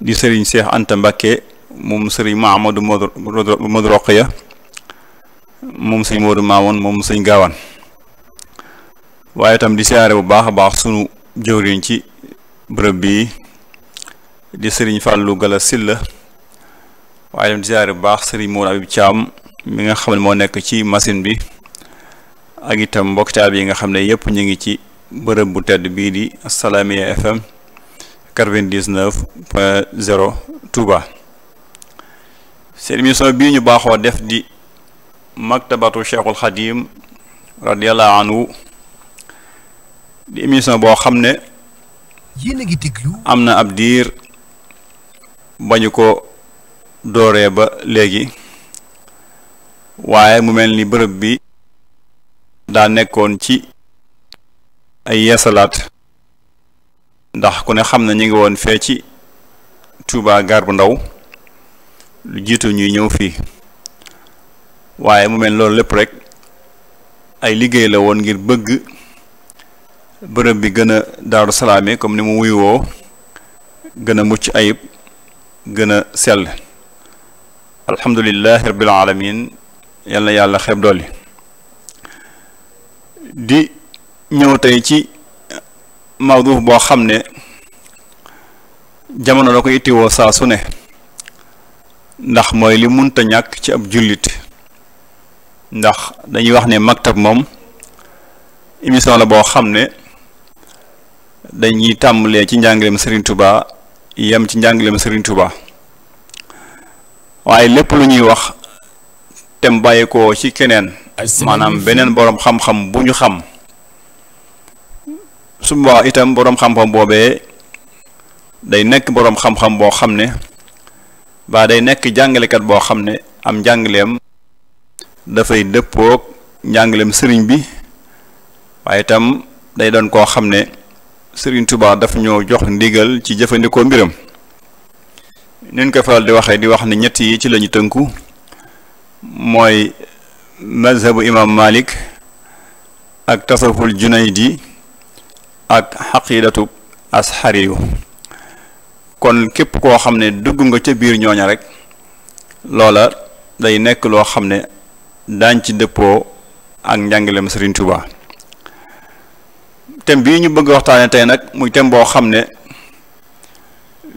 di sëriñ Seex Anta Mbàkke moom sëriñ Mahamadou Modou moom sëriñ Modou Mamoun moom sëriñ Gaawaan waaye tam di siyaare bu baax a baax sunu jëwriñ ci bërëb bii di sëriñ Fallou Gala Silla waaye itam di siyaare bu baax sëriñ Mour Abib Thiam mi nga xam ne moo nekk ci machine bi ak itam mbokkitaab yi nga xam ne yëpp ñu ngi ci bërëb bu tedd bii di Assalaamy FM 99 point 0 Touba seen émission bii ñu baaxoo def di maktabatu cheikhul xadim radiallahu anhu di émission boo xam ne ngi déglu am na ab diir ba ñu ko dooree ba léegi waaye mu mel ni bërëb bi daa nekkoon ci ay yeesalaat ndax ku ne xam na ñu ngi woon fee ci Touba gar bu ndaw lu jiitu ñuy ñëw fii waaye mu mel loolu lépp rek ay liggéey la woon ngir bëgg bërëb bi gën a daaru salaame comme ni mu wuyuwoo gën a mucc ayib gën a sell alhamdulilahi rabbil alamin yal na yàlla xeeb dool di ñëw tey ci mawdu boo xam ne jamono da ko ittiwoo saa su ne ndax mooy li munta ñàkk ci ab jullit ndax dañuy wax ne maktab moom émission la boo xam ne dañuy tàmbalee ci njàngaleem sëriñtu ba yem ci njàngaleem sëriñtu ba waaye lépp lu ñuy wax tem bàyyi ci keneen maanaam beneen boroom xam-xam bu ñu xam suba itam boroom xam-xam boobee day nekk boroom xam-xam boo xam ne baa day nekk jàngalekat boo xam ne am njàngaleem dafay dëppoog njàngaleem sëriñ bi waaye itam day doon koo xam ne sëriñ tubaax daf ñoo jox ndigal ci jëfandikoo mbiram nin ko faral di waxee di wax ne ñett yi ci lañuy tënku mooy mazhabu imam Malik ak tasawuful Junaydi ak xaqiidatu asxari kon képp koo xam ne dugg nga ca biir ñooña rek loola day nekk loo xam ne daañ ci dëppoo ak njàngaleem Serigne Touba thème bii ñu bëgg waxtaane tey nag muy thème boo xam ne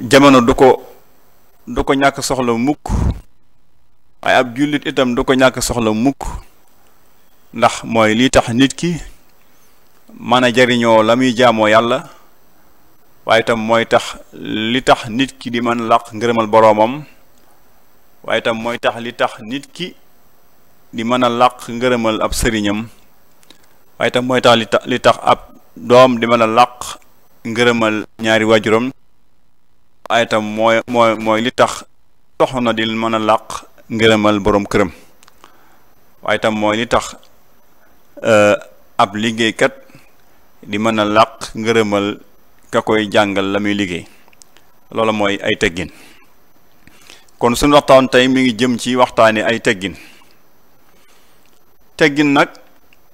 jamono du ko du ko ñàkk soxla mukk waaye ab jullit itam du ko ñàkk soxla mukk ndax mooy lii tax nit ki mën a jariñoo la muy jaamoo yàlla waaye tam mooy tax li tax nit ki di mën làq ngërëmal boroomam waaye mooy tax li tax nit ki di mën a làq ngërëmal ab sëriñam waaye tam mooy tax li tax li tax ab doom di mën a làq ngërëmal ñaari waajuram waaye tam mooy mooy mooy li tax soxna di mën a làq ngërëmal boroom këram waaye tam mooy li tax euh, ab liggéeykat di mën a làq ngërëmal ka koy jàngal la muy liggéey loola mooy ay teggin kon suñu waxtaan tey mi ngi jëm ci waxtaane ay teggin teggin nag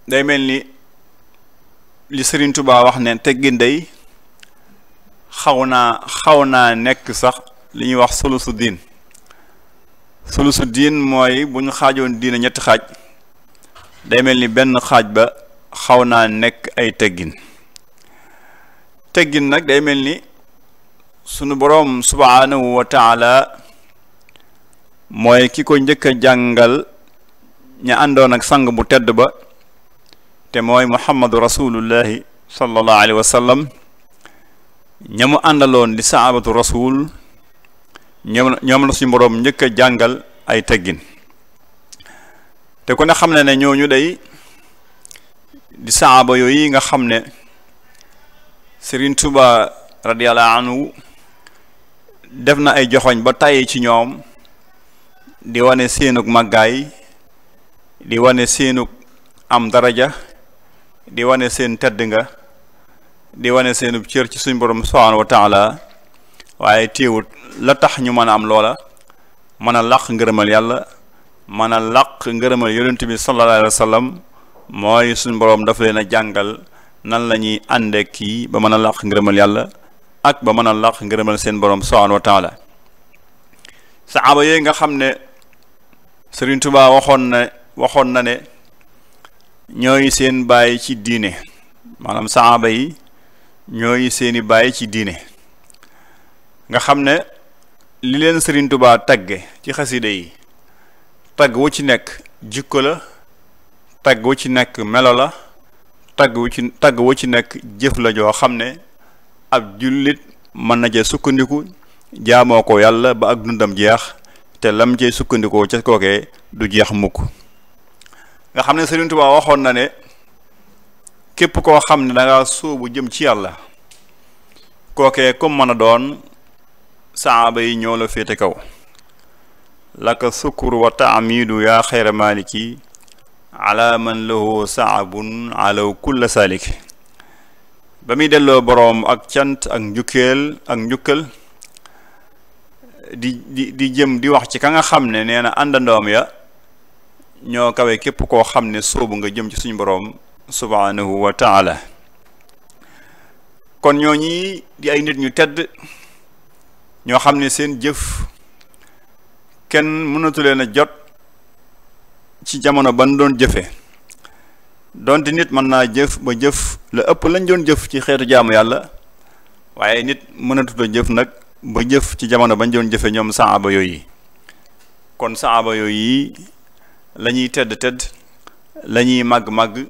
day mel ni li Sëriñ Tuubaa wax ne teggin day xaw naa xaw naa nekk sax li ñuy wax solo su diin solo su diin mooy bu ñu xaajoon diina ñetti xaaj day mel ni benn xaaj ba xaw naa nekk ay teggin teggin nag day mel ni sunu boroom subhaanahu wa taala mooy ki ko njëkk a jàngal ña àndoon ak sang bu tedd ba te mooy muhammadu rasulullahi sallallahu alayhi wa sallam ña mu àndaloon di saabatu rasul ñoom ñoom la suñu boroom njëkk a jàngal ay teggin te ku xam ne ne ñooñu day di saaba yooyu nga xam ne Serigne Touba radiyallahu anhu def na ay joxoñ ba tàyyi ci ñoom di wane seenug màggaay di wane seenug am daraja di wane seen tedd nga di wane seenub cër ci suñ borom subhaanahu wa taala waaye téewut la tax ñu mën a am loola mën a làq ngërëmal yàlla mën a làq ngërëmal yonent bi sallallahu alayhi mooy suñ boroom dafa leen a jàngal nan la ñuy àndee kii ba mën a làq ngërëmal yàlla ak ba mën a làq ngërëmal seen boroom subhaanahu wa taala saxaaba yooyu nga xam ne Sëriñ Tuubaa waxoon na waxoon na ne ñooy seen baay ci diine maanaam saxaaba yi ñooy seeni baay ci diine nga xam ne li leen Sëriñ Tuubaa tagge ci xasida yi tagg wu ci nekk jikko la tagg wu ci nekk melo la tagg wu ci tagg wu ci nekk jëf la joo xam ne ab jullit mën na cee sukkandiku jaamoo ko yàlla ba ak dundam jeex te lam cee sukkandikoo ca kookee du jeex mukk nga xam ne Sëriñ Tuubaa waxoon na ne képp koo xam ne danga sóobu jëm ci yàlla kookee comme mën a doon saaba yi ñoo la féete kaw laka sukkur wa taamidu yaa xayra maaliki ala man lahu saabun alaw kulla saalik ba muy delloo boroom ak cant ak njukkeel ak njukkal di di di jëm di wax ci ka nga xam ne nee na àndandoom ya ñoo kawe képp koo xam ne soobu nga jëm ci suñu boroom subhaanahu wa taala kon ñoo ñi di ay nit ñu tedd ñoo xam ne seen jëf kenn mënatu leen a jot ci jamono ban doon jëfee donte nit mën naa jëf ba jëf la ëpp lañ doon jëf ci xeetu jaamu yàlla waaye nit mënatut a jëf nag ba jëf ci jamono bañ doon jëfe ñoom saaba yooyu kon saaba yooyu la ñuy tedd tedd la ñuy màgg-màgg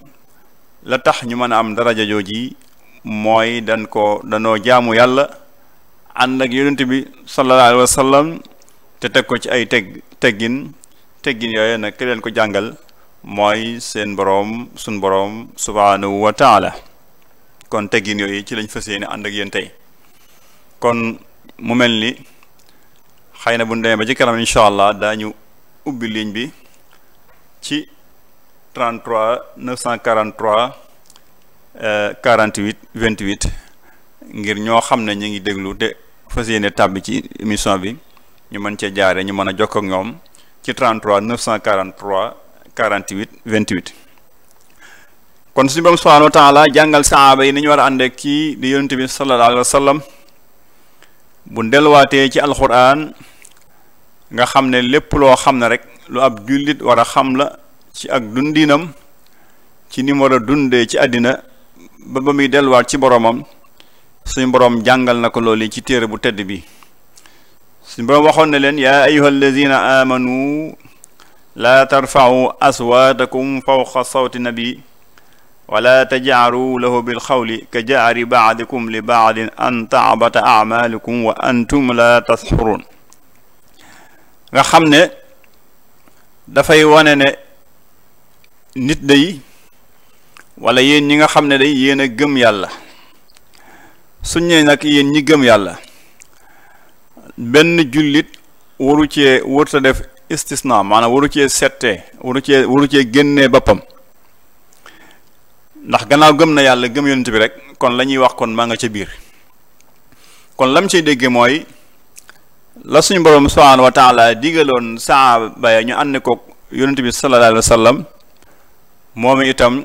la tax ñu mën a am daraja jooji mooy dan ko danoo jaamu yàlla ànd ak yonent bi sallallahu alayhi wa te teg ko ci ay teg teggin teggin yooyu nag ki leen ko jàngal mooy seen boroom sun boroom subhaanahu wa taala kon teggin yooyu ci lañ fas yéene ànd ak yéen tey kon mu mel ni xëy na bu ñu demee ba ci kanam incha allah daañu ubbi ligne bi ci 33 943 vingt 28 ngir ñoo xam ne ñu ngi déglu te fas yéene tàbbi ci émission bi ñu mën cee jaare ñu mën a jokk ak ñoom ci 33 943 48 28 kon suñu borom subhaanahu wa taala jàngal sahaaba yi ni ñu war a ànde kii di yonent bi sallallahu alayhi bu delluwaatee ci alxuraan nga xam ne lépp loo xam ne rek lu ab jullit war a xam la ci ak dundiinam ci ni mu war a dundee ci àddina ba ba muy delluwaat ci boromam suñu borom jàngal na ko loolu ci téere bu tedd bi suñu boroom waxoon na leen yaa ayuha allazina aamanu laa tarfacu aswaatakum fawqa sawti nabi wala tajaaru lahu bilxawli ka jaari baadikum li baadin an taabata amalukum wa antum la tasxurun nga xam ne dafay wane ne nit day wala yeen ñi nga xam ne day yéen a gëm yàlla suñ ne nag ñi gëm yàlla benn jullit waru cee wërta def istisna maana waru cee settee waru cee waru cee génnee boppam ndax gannaaw gëm na yàlla gëm yonent bi rek kon la ñuy wax kon maa nga ca biir kon lam ciy déggee mooy la suñu borom subhaanahu wa taala digaloon saaba ñu ànd ko yonent bi sallallahu alayhi wa moom itam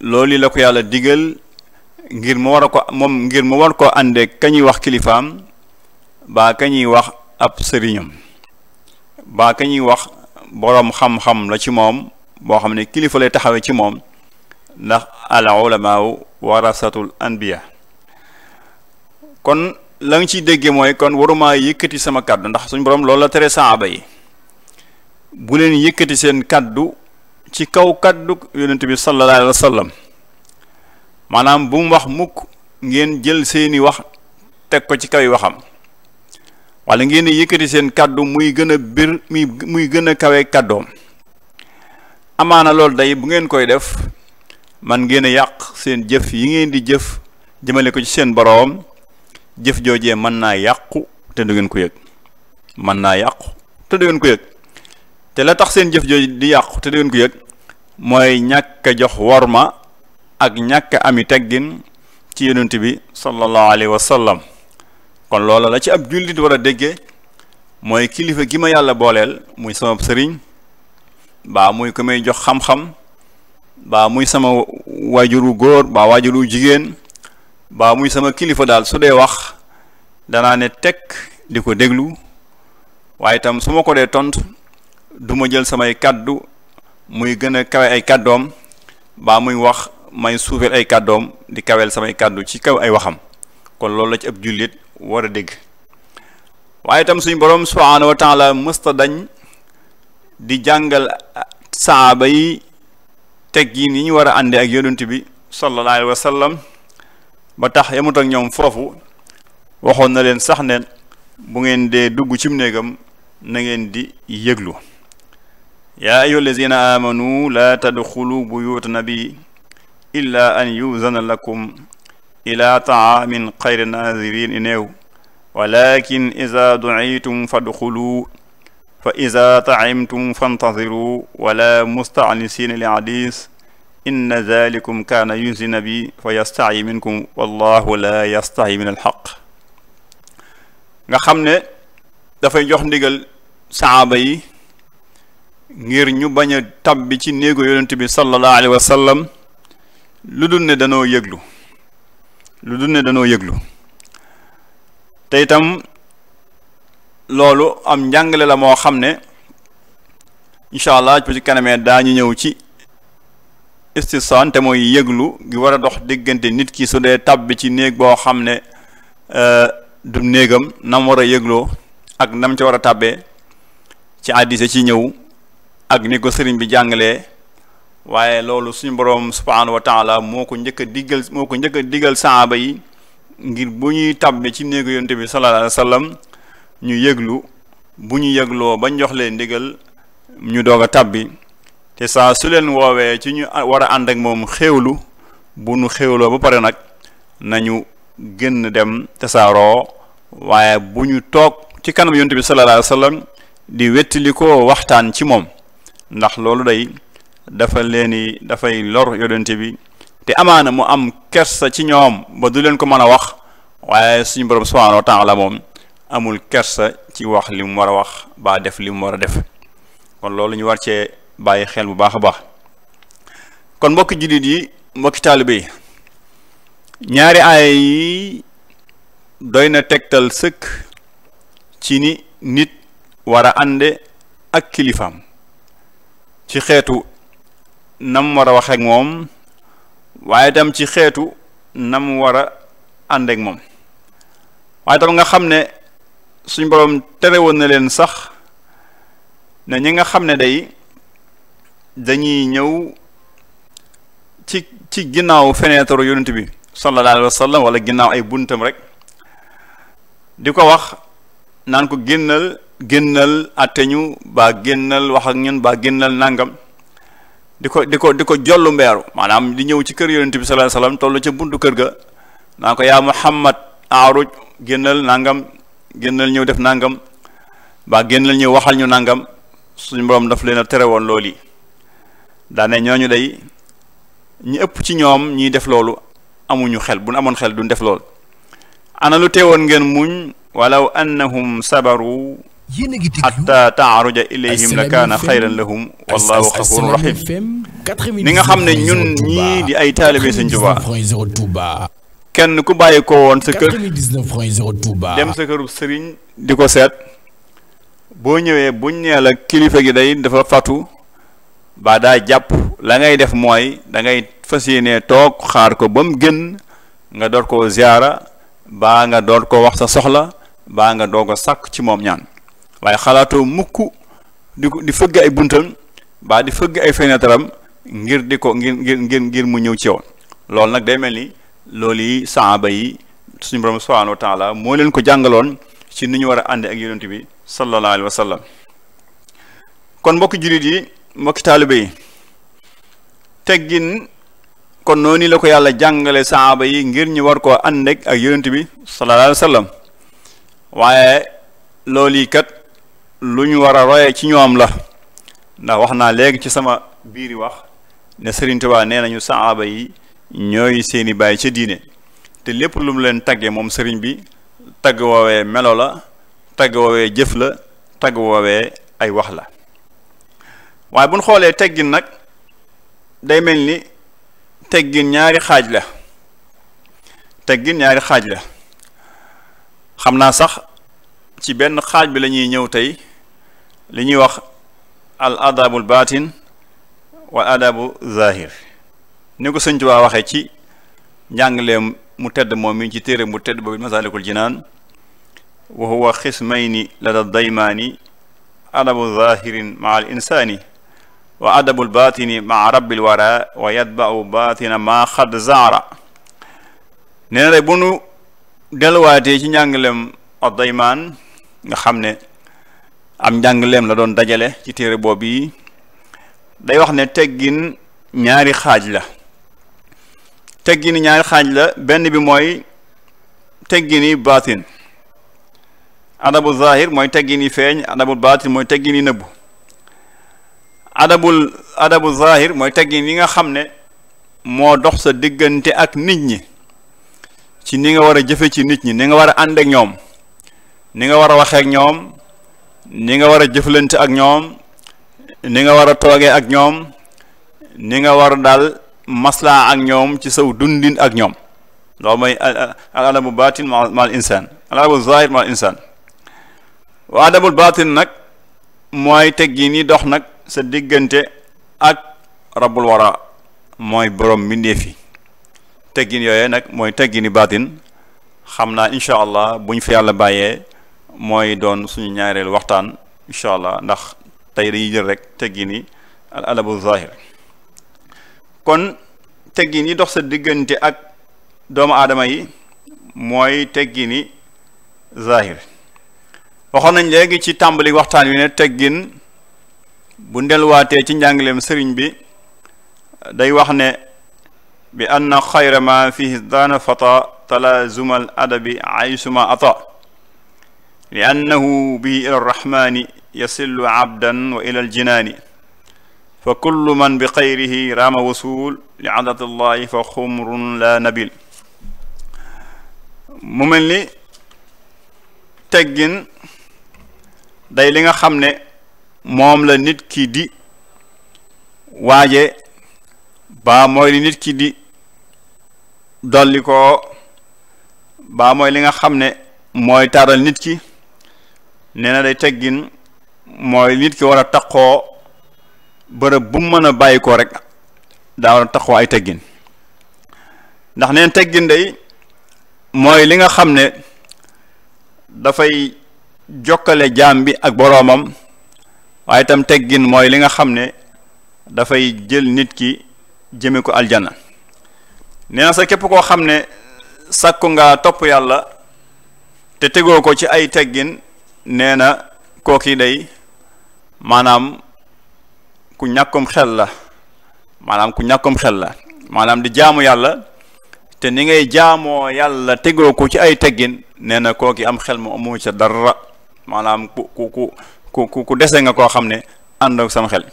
loolu la ko yàlla digal ngir mu war a ko moom ngir mu war ko àndee kañuy wax kilifaam baa ka ñuy wax ab sëriñam baa ka ñuy wax boroom xam-xam la ci moom boo xam ne kilifa lay taxawee ci moom ndax al ulamaaw warasatul anbiya kon la nga ciy déggee mooy kon waruma yëkkati sama kàddu ndax suñ borom loolu la tere saaba yi bu leen yëkkati seen kàddu ci kaw kàddu yonent bi sallallahu alayhi maanaam bum wax mukk ngeen jël seeni wax teg ko ci kaw waxam wala ngeen di yëkkati seen kàddu muy gën a bir muy muy gën a kawe kàddoom amaana loolu day bu ngeen koy def man ngeen a yàq seen jëf yi ngeen di jëf jëmale ko ci seen boroom jëf joojee mën naa yàqu te du ngeen ko yëg mën naa yàqu te du ngeen ko yëg te la tax seen jëf jooju di yàqu te du ngeen ko yëg mooy ñàkk a jox worma ak ñàkk ami teggin ci yonent bi sallallahu alayhi wa sallam kon loola la ci ab jullit war a déggee mooy kilifa gi ma yàlla booleel muy sama sëriñ baa muy ku may jox xam-xam baa muy sama waajuru góor baa waajuru jigéen baa muy sama kilifa daal su dee wax danaa ne teg di ko déglu waaye itam su ma ko dee tontu duma jël samay kàddu muy gën a kawe ay kàddoom baa muy wax may suufeel ay kàddoom di kaweel samay kàddu ci kaw ay waxam kon loolu la ci ab jullit war a dégg waaye tam suñ boroom subhaanahu wa taala mësta dañ di jàngal saaba yi teg yi ni ñu war a àndee ak yonent bi sallallahu alayhi ba tax yamut ak ñoom foofu waxoon na leen sax ne bu ngeen dee dugg cim néegam nangeen di yëglu yaa ayyuha allazina amanu laa tadxulu buyuuta nabi illa an yuzana lakum ila taamin xayri nazirin ineew walakin ida duitum fadxulu fa ida taimtum fantasiru wala mustaanisin li hadis inna dalikum kaana yunsi nabi fa yastahi minkum wallahu la yastahi min alxaq nga xam ne dafay jox ndigal saxaaba yi ngir ñu bañ a tabbi ci néego yonent bi sallallahu alayhi wa sallam lu dul ne danoo yëglu lu dul ne danoo yëglu te itam loolu am njàngale la moo xam ne incha allah bu ci kanamee daañu ñëw ci istisaan te mooy yëglu gi war a dox diggante nit ki su dee tàbbi ci néeg boo xam ne euh, du néegam nam war a yëgloo ak nam ci war a tàbbee ci àddise ci ñëw ak ni ko sëriñ bi jàngalee waaye loolu suñu borom subhaanahu wa taala moo ko njëkk a diggal moo ko njëkk diggal saaba yi ngir bu ñuy tàbbi ci néegu yonte bi sallallahu ñu yëglu bu ñu yëgloo bañ jox leen ndigal ñu doog a tàbbi te saa su leen woowee ci ñu war a ànd ak moom xéewlu bu nu xéewloo ba pare nag nañu gën dem tasaaroo waaye bu ñu toog ci kanam yonte bi sallallahu alayhi wa sallam di wettili ko waxtaan ci moom ndax loolu day dafa leeni dafay lor yonente bi te amaana mu am kersa ci ñoom ba du leen ko mën a wax waaye suñ borom subhanahu wa taala moom amul kersa ci wax li mu war a wax ba def li mu war a def kon loolu ñu war cee bàyyi xel bu baax a baax kon mbokki jullit yi mbokki taalibe yi ñaari aaya yi doy na tegtal sëkk ci ni nit war a ak kilifaam ci xeetu nam war a waxeek moom waaye tam ci xeetu nam war a ànd moom waaye tam nga xam ne suñ boroom tere woon na leen sax ne ñi nga xam ne day dañuy ñëw ci ci ginnaaw fenêtre yonent bi sallallahu alayhi wa wala ginnaaw ay buntam rek di ko wax naan ko génnal génnal àtte ñu baa génnal wax ak ba baa génnal nangam di ko di ko di ko jollu mbeeru maanaam di ñëw ci kër yonent bi sallallahu alayhi wasallam tollu ca buntu kër ga naa ko yaa Muhammad aaruj génnal nangam génnal ñëw def nangam ba génnal ñëw waxal ñu nangam suñu mboom daf leen a tere woon loolu yi daane ñooñu day ñu ëpp ci ñoom ñiy def loolu amuñu xel bu nu amoon xel duñ def lool ana lu teewoon ngeen muñ walaw annahum sabaru xatta taaruja ilayhim la kaana xayran lahum wallahu xafurun rahim ni nga xam ne ñun ñii di ay taalibe Sëñ Tuubaa kenn ku bàyyi koo woon sa kër dem sa kërub sëriñ di ko seet boo ñëwee buñ nee la kilifa gi day dafa fatu ba daa jàpp la ngay def mooy dangay ngay fas yéene toog xaar ko ba mu génn nga door ko ziyaara baa nga door ko wax sa soxla baa nga doog a sàkk ci moom ñaan waaye xalaatoo mukk di di fëgg ay buntam baa di fëgg ay fenêtram ngir di ko ngir ngir ngir mu ñëw ci yow loolu nag day mel ni loolu yi saaba yi suñu borom subhanahu wa moo leen ko jàngaloon si ni ñu war a ànd ak yonent bi sallallahu alayhi wa sallam kon mbokki jullit yi kon noonu la ko yàlla jàngale saaba yi ngir ñu war koo ak yonent bi sallallahu alayhi waaye loolu kat lu ñu war a roye ci ñoom la ndax wax naa léegi ci sama biiri wax ne Sëriñ nee nañu saaba yi ñooy seeni baay ca diine te lépp lu mu leen tagge moom sëriñ bi tagg woowee melo la tagg woowee jëf la tagg woowee ay wax la waaye buñ xoolee teggin nag day mel ni teggin ñaari xaaj la teggin ñaari xaaj la xam naa sax ci benn xaaj bi lañuy ñëw tey li ñuy wax al adabul baatin wal adabu zahir ni ko sëñ wa waxee ci njàngaleem mu tedd moom mi ci téere mu tedd boobu masaalikul jinaan wa huwa xismayni lada daymaani adabu zahirin maa al wa adabul baatini maa rabbil wara wa yatba'u baatina maa xad zaara nee na rek bu nu ci njàngaleem ad daymaan nga xam ne am njàngaleem la doon dajale ci téere boobu yi day wax ne teggin ñaari xaaj la teggini ñaari xaaj la benn bi mooy teggini baatin adabul zahir mooy teggini feeñ adabul baatin mooy teggini nëbbu adabul zahir mooy teggin yi nga xam ne moo dox sa diggante ak nit ñi ci ni nga war a jëfe ci nit ñi ni nga war a ànd ñoom ni nga war a waxee ñoom ni nga war a jëflante ak ñoom ni nga war a toogee ak ñoom ni nga war daal maslaa ak ñoom ci saw dundin ak ñoom loolu mooy al adabu batin mal insan al adabu zahir mal insan wa adabul batin nag mooy teggin yi dox nag sa diggante ak rabbul wara mooy boroom mbindeef yi teggin yooyee nag mooy teggini batin xam naa incha allah buñ fi yàlla bàyyee mooy doon suñu ñaareelu waxtaan incha allah ndax tey dañuy jël rek teggin yi al adabu zahir kon teggin dox sa diggante ak doomu aadama yi mooy teggin yi zahir waxoon nañ léegi ci tàmbali waxtaan wi ne teggin bu delluwaatee ci njàngaleem sëriñ bi day wax ne bi anna xayra ma fihi daana fata talaazumal adabi aysuma ata liannahu bihi ila arrahmani yasillu abdan wa ila aljinaani fa kullu man bi xayrihi raama wasul li la nabil mu mel ni teggin day li nga xam ne moom la nit ki di waaje baa mooy li nit ki di dolli ko baa mooy li nga xam ne mooy taaral nit ki nee na teggin mooy nit ki war a taqoo bërëb bu mën a bàyyi ko rek daa war a ay teggin ndax neen teggin day mooy li nga xam ne dafay jokkale jaam bi ak boroomam waaye itam teggin mooy li nga xam ne dafay jël nit ki jëme ko aljana nee sa képp koo xam ne sàkku nga topp yàlla te tegoo ko ci ay teggin nee na kooki day maanaam ku ñàkkum xel la maanaam ku ñàkkum xel la maanaam di jaamu yàlla te ni ngay jaamoo yàlla tegoo ko ci ay teggin nee na kooki am xel mu amu ca dara maanaam ku ku ku ku dese nga koo xam ne ànd sam xel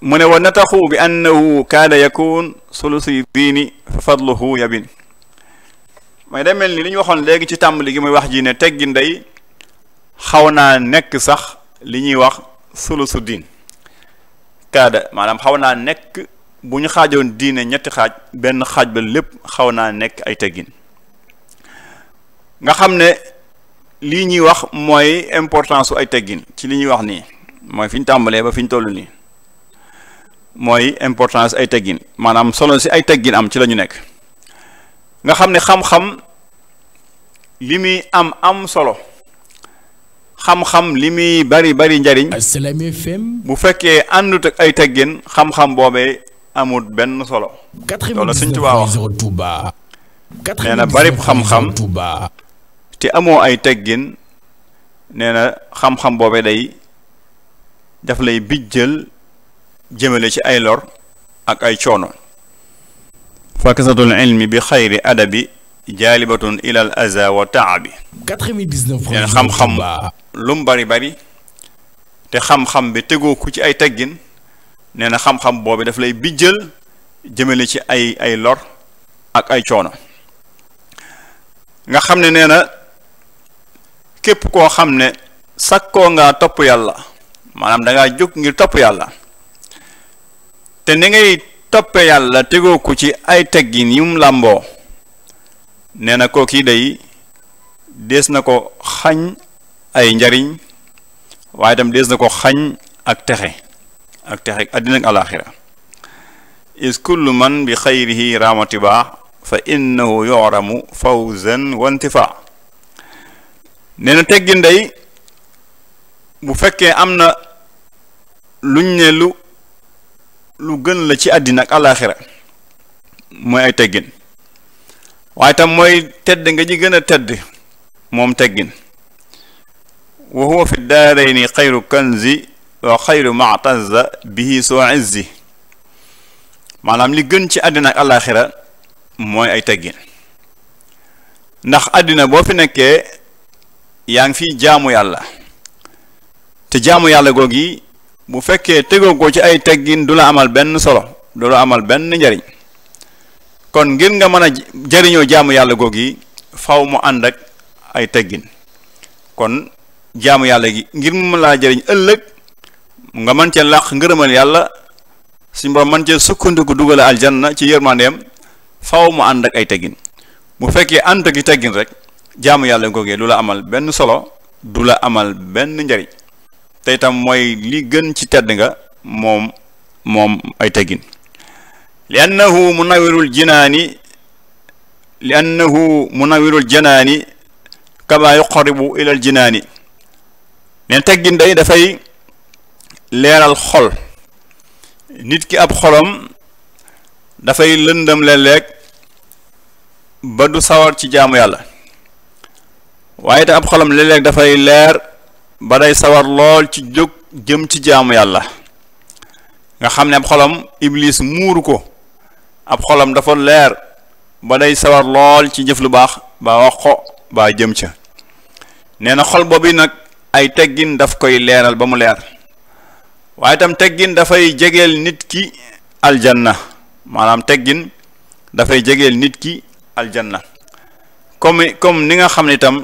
mu ne na nataxu bi annahu kaada yakun sulusi diini fa fadluhu yabin may demel ni li ñu waxoon léegi ci tàmbali gi muy wax ji ne teggin day xaw naa nekk sax li ñuy wax su diin kaada maanaam xaw naa nekk bu ñu xaajoon diine ñetti xaaj benn xaaj ba lépp xaw naa nekk ay teggin nga xam ne lii ñuy wax mooy importance su ay ci li ñuy wax nii mooy fi ñu tàmbalee ba fi ñu toll nii mooy importance ay teggin maanaam solo si ay teggin am ci la ñu nekk nga xam ne xam-xam li muy am am solo xam-xam li muy bari bari njariñ Assalaamy FM bu fekkee àndut ay teggin xam-xam boobee amut benn solo loolu Sëñ Tuubaa wax nee na bari xam-xam te amoo ay teggin nee na xam-xam boobee day daf lay bijjal jëmale ci ay lor ak ay coono fakasatul ilmi bi xayri adabi jaalibatun ilal aza wa taabi. 99 fois xam-xam lu mu bari bari te xam-xam bi tegoo ko ci ay teggin nee na xam-xam boobu daf lay bijjal jëmale ci ay ay lor ak ay coono nga xam ne nee na képp koo xam ne sakkoo ngaa topp yàlla maanaam da ngaa jóg ngir topp yàlla te ni ngay toppee yàlla tegoo ko ci ay teggin yu mu làmboo. nee na kooki day dees na ko xañ ay njariñ waaye itam dees na ko xañ ak texe ak texe ak àddina ak alaaxira is kullu man bi xayrihi raamati baa fa inna yoramu fawzan wa intifaa nee na teggin day bu fekkee am na luñ ne lu lu gën la ci àddina ak alaaxira mooy ay teggin waaye tam mooy tedd nga ji gën a tedd moom teggin wa huwa fi daarayni xayru kanzi wa xayru mataza bihi soo izzi maanaam li gën ci àddina ak àllaaxira mooy ay teggin ndax àddina boo fi nekkee yaa ngi fi jaamu yàlla te jaamu yàlla googi bu fekkee tegoo ko ci ay teggin du la amal benn solo du la amal benn njariñ kon ngir nga mën a jariñoo jaamu yàlla goog yi faw mu ànd ak ay teggin kon jaamu yàlla gi ngir mu mën laa jariñ ëllëg nga mën cee làq ngërëmal yàlla su borom mën cee sukkandiku dugale aljanna ci yërmandeem faw mu ànd ak ay teggin bu fekkee ànd ak i teggin rek jaamu yàlla googee du la amal benn solo du la amal benn njariñ te itam mooy li gën ci tedd nga moom moom ay teggin li annahu munawirul jinaani li annahu munawirul janaani kama yuqaribu ilal jinaani neen teggin day dafay leeral xol nit ki ab xolam dafay lëndëm léeg-léeg ba du sawar ci jaamu yàlla waaye te ab xolom léeg dafay leer ba day sawar lool ci jóg jëm ci jaamu yàlla nga xam ne ab xolam iblis muuru ko ab xolam dafa leer ba day sawar lool ci jëf lu baax ba wax ko ba jëm ca nee na xol boobu nag ay teggin daf koy leeral ba mu leer waaye itam teggin dafay jegeel nit ki aljanna maanaam teggin dafay jegeel nit ki aljanna comme comme ni nga xam ne itam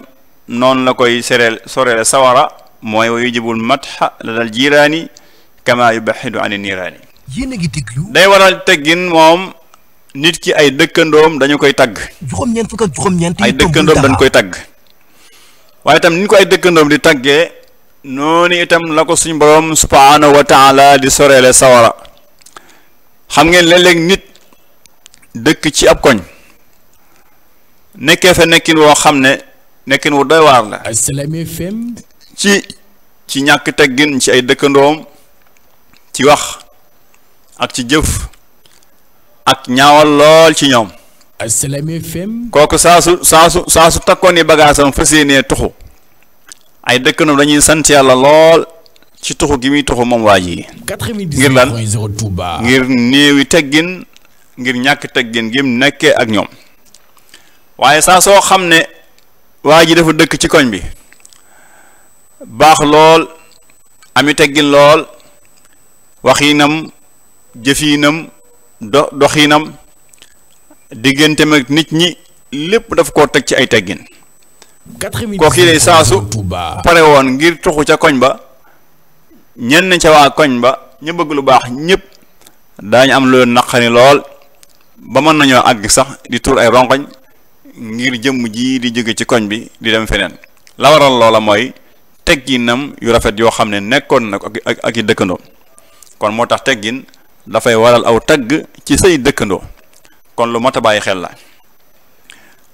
noonu la koy soreel soreel sawara mooy wa yujibul matxa ladal jiiraani kama yubaxidu ani niiraani day waral teggin moom nit ki ay dëkkandoom dañu koy tagg. juróom-ñeent fukk ay dëkkandoom dañ koy tagg. waaye itam ni ko ay dëkkandoom di taggee noonu itam la ko suñu borom subhaanahu wa taala di soreele sawara xam ngeen léeg-léeg nit dëkk ci ab koñ nekkee fa nekkin woo xam ne nekkin wu doy waar la. Assalaamy FM. ci ci ñàkk teggin ci ay dëkkandoom ci wax ak ci jëf. ak ñaawal lool ci ñoom. Assalaamy kooku saa su saa su saa su takkoon ni bagaasam fas yéenee tuxu ay dëkkandoo dañuy sant yàlla lool ci tuxu gi muy tuxu moom waa ji. ngir lan ngir néewi teggin ngir ñàkk teggin gim nekkee ak ñoom waaye saa soo xam ne waa ji dafa dëkk ci koñ bi baax lool ami teggin lool wax waxiinam jëfiinam do doxiinam diggante mag nit ñi lépp daf koo teg ci ay teggin kooki de saasu pare woon ngir tuxu ca koñ ba ñenn ca waa koñ ba ñu bëgg lu baax ñëpp daañu am loolu naqari lool ba mën nañoo àgg sax di tur ay rongoñ ngir jëmm ji di jóge ci koñ bi di dem feneen la loola mooy tegginam yu rafet yoo xam ne nekkoon na ak ak i dëkkandoo kon moo tax teggin dafay waral aw tagg ci say dëkkandoo kon lu mat bàyyi xel la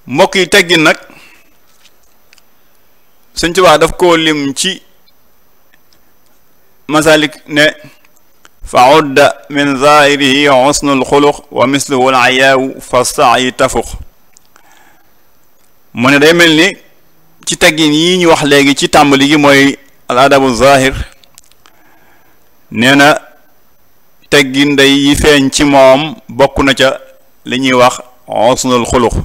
mbokk yi teggin nag Sëñ Tuubaa daf koo lim ci masalik ne fa udda min zaahirihi xusnu lxuluq wa misluhu alayaawu fa saayi tafux mu ne day mel ni ci teggin yi ñu wax léegi ci tàmbali gi mooy al zaahir nee teggi ndey yi feeñ ci moom bokk na ca li ñuy wax xusnul xulux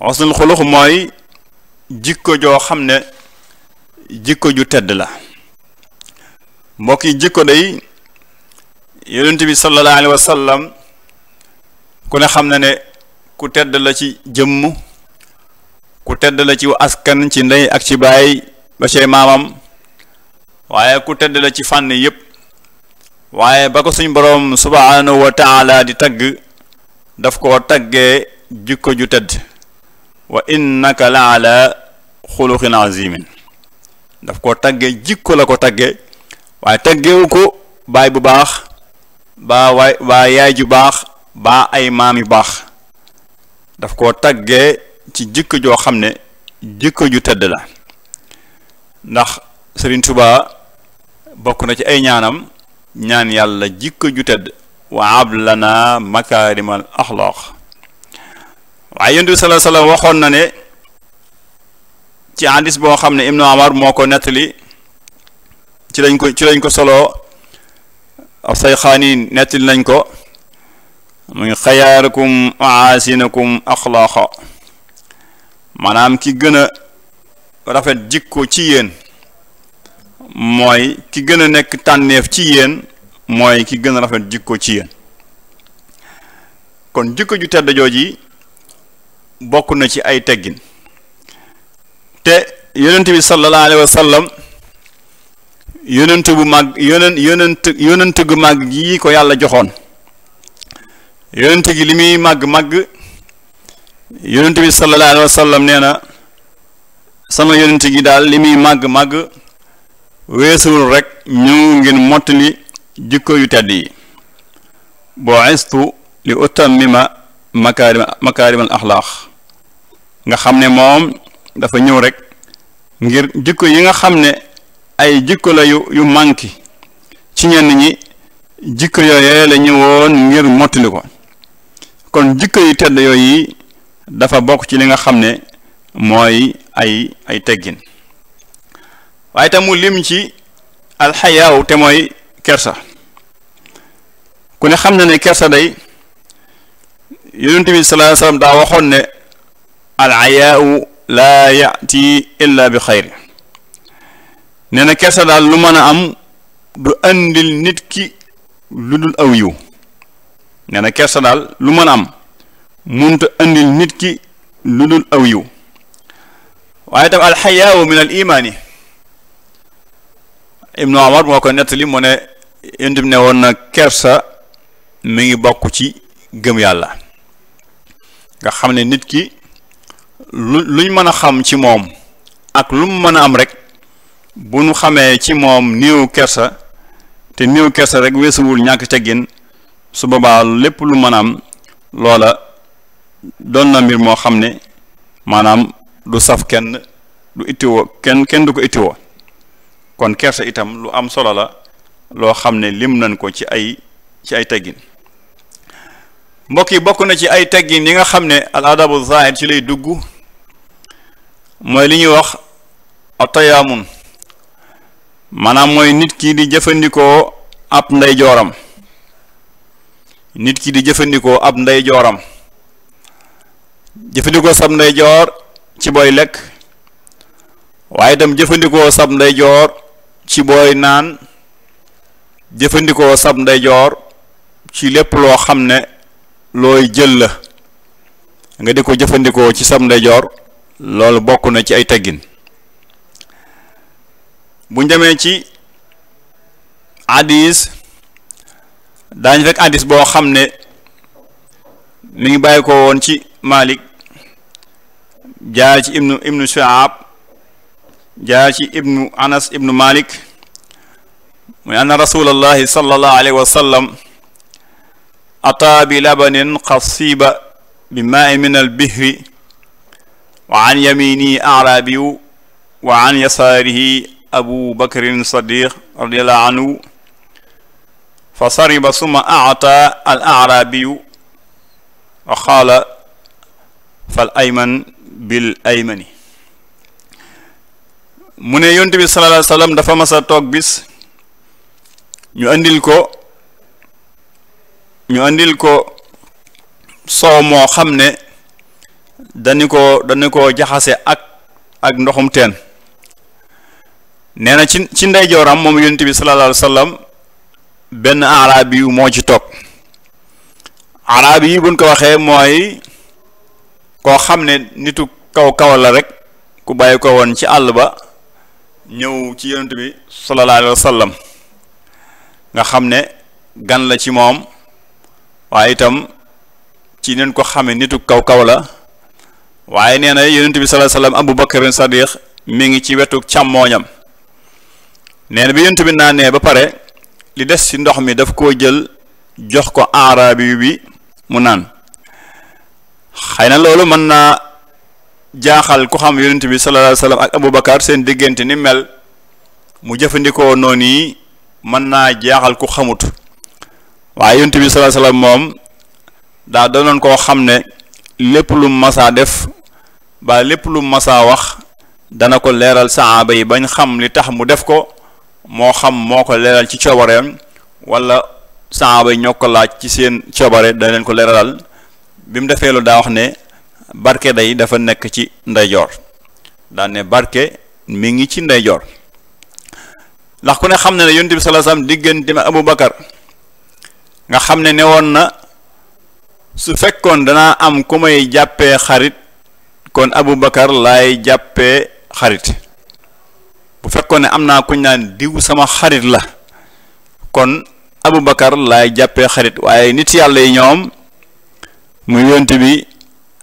xusnul xulux mooy jikko joo xam ne jikko ju tedd la mbokk yi jikko day yonent bi sallallahu alayhi wa ku ne xam na ne ku tedd la ci jëmm ku tedd la ci askan ci ndey ak ci baay ba cay maamam waaye ku tedd la ci fànn yépp waaye ba ko suñ boroom subhaanahu wa taala di tagg daf koo taggee jikko ju tëdd wa innaka la ala xuluqin azimin daf koo taggee jikko la ko taggee waaye taggewu ko baay bu baax baa waay baa yaay ju baax baa ay maam yu baax daf koo taggee ci jikko joo xam ne jikko ju tëdd la ndax Sëriñ Tuubaa bokk na ci ay ñaanam ñaan yàlla jikko ju tedd wa ablana makaarimal axlaaq waaye yonent bi salaa salaam waxoon na ne ci andis boo xam ne ibnu amar moo ko nettali ci lañ ko ci lañ ko soloo ab sayxaani nettali nañ ko mu ngi xayaarakum aasinakum axlaaqa maanaam ki gën a rafet jikko ci yéen mooy ki gën a nekk tànneef ci yéen mooy ki gën a rafet jikko ci yéen kon jikko ju tedd jooji bokk na ci ay teggin te yonent bi sallallahu alayhi wa bu màgg yonent yonent gu màgg gi ko yàlla joxoon yonent gi li muy màgg màgg yonent bi sallallahu alayhi wa sama yonent gi daal li muy màgg màgg weesuwul rek ñëw ngeen mottali jikko yu tedd yi bu'istu li utammima makaarim makaarimal axlaax nga xam ne moom dafa ñëw rekk ngir jikko yi nga xam ne ay jikko la yu yu manki ci ñenn ñi jikko yooyee la ñëwoon ngir mottali ko kon jikko yu tedd yooyu dafa bokk ci li nga xam ne mooy ay ay teggin waaye tam mu lim ci alxayaaw te mooy kersa ko ne xam na ne kersa day yonent bi sallallahu alayhi wasallam daa waxoon ne alxayaaw laa illa bi xayri nee na kersa daal lu mën a am du andil nit ki lu dul aw yiw nee na kersa daal lu mën a am munta andil nit ki lu dul aw yiw waaye tam alxayaaw min al imaani ibnu omar moo ko nettali mu ne indib ne woon na kersa mi ngi bokk ci gëm yàlla nga xam ne nit ki lu luñ mën a xam ci moom ak lu mu mën a am rek bu nu xamee ci moom néew kersa te néew kersa rek weesuwul ñàkk teggin su boobaa lépp lu mën a am loola doon na mbir moo xam ne maanaam du saf kenn du ittiwoo kenn kenn du ko ittiwoo kon kersa itam lu am solo la loo xam ne lim nan ko ci ay ci ay teggin mbokk yi bokk na ci ay teggin yi nga xam ne al adabu zahir ci lay dugg mooy li ñuy wax atayaamun maanaam mooy nit ki di jëfandikoo ab ndey jooram nit ki di jëfandikoo ab ndey jëfandikoo sab ndey joor ci booy lekk waaye itam jëfandikoo sab ndey joor ci booy naan jëfandikoo sab ndeyjoor ci lépp loo xam ne looy jël la nga di ko jëfandikoo ci sab ndeyjoor loolu bokk na ci ay teggin bu demee ci addis daañu fekk addis boo xam ne mi ngi bàyyi ko woon ci Malik jaar ci ibnu ibnu Shaab jaa ci ibnu anas ibnu malik muy anna rasulallahi sallallahu alayhi wa sallam ataa bi labanin xasiba bi maai min albihri wa an yaminihi arabiyu wa an yasaarihi abu bakrin sadiq radiallahu anhu fa sariba suma aata al arabiyu wa qaala fal ayman bil aymani mu ne yonent bi sallallahu alayhi wa dafa mas a toog bis ñu andil ko ñu andil ko soow moo xam ne dañu ko dañu ko jaxase ak ak ndoxum teen nee na ci ci ndeyjooram moom yonent bi sallallahu alayhi benn araab yi moo ci toog araab yi buñ ko waxee mooy koo xam ne nitu kaw kaw la rek ku bàyyi ko woon ci àll ba ñëw ci yonent bi sallallahu alayhi wa nga xam ne gan la ci moom waaye itam ci neen ko xame nitu kaw kaw la waaye nee na yonent bi sallallahu alayhi wa sallam Abu Bakr Sadiq mi ngi ci wetu càmmooñam nee na bi yonent bi naanee ba pare li des ci ndox mi daf koo jël jox ko aaraabi bi mu naan xëy na loolu mën naa jaaxal ku xam yonent bi sallallahu alayhi wasallam ak Aboubacar seen diggante ni mel mu jëfandikoo noonu yi mën naa jaaxal ku xamut waaye yonent bi sallallahu alayhi moom daa danoon koo xam ne lépp lu masaa def ba lépp lu masaa wax dana ko leeral saxaaba yi bañ xam li tax mu def ko moo xam moo ko leeral ci coobareem walla saxaaba yi ñoo ko laaj ci seen coobare dana leen ko leeralal bi mu defee lu daa wax ne barke day dafa nekk ci ndeyjoor daan barke mi ngi ci ndeyjoor ndax ku ne xam ne ne yonent bi sallallahu alayhi wasallam diggante ma Abu Bakar nga xam ne ne woon na su fekkoon danaa am ku may jàppee xarit kon Abu Bakar laay jàppee xarit bu fekkoon ne am naa kuñ naan diw sama xarit la kon Abu Bakar laay jàppee xarit waaye nit yàlla yi ñoom muy yonent bi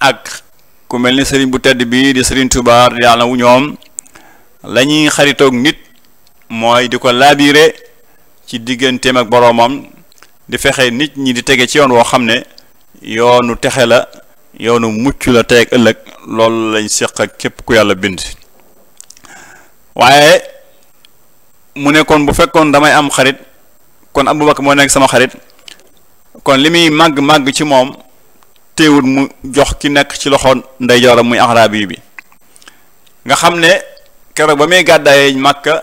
ak ku mel ni sëriñ bu tedd bii di sëriñ Tuubaa yàlla wu ñoom lañuy ñuy xaritoog nit mooy di ko laabire ci digganteem ak boroomam di fexe nit ñi di tege ci yoon woo xam ne yoonu texe la yoonu mucc la tey ak ëllëg loolu lañ séq képp ku yàlla bind waaye mu ne bu fekkoon damay am xarit kon Abubakar moo nekk sama xarit kon li muy màgg màgg ci moom téewul mu jox ki nekk ci loxo ndeyjooram muy axraabi bi nga xam ne keroog ba muy gàddaayee màkka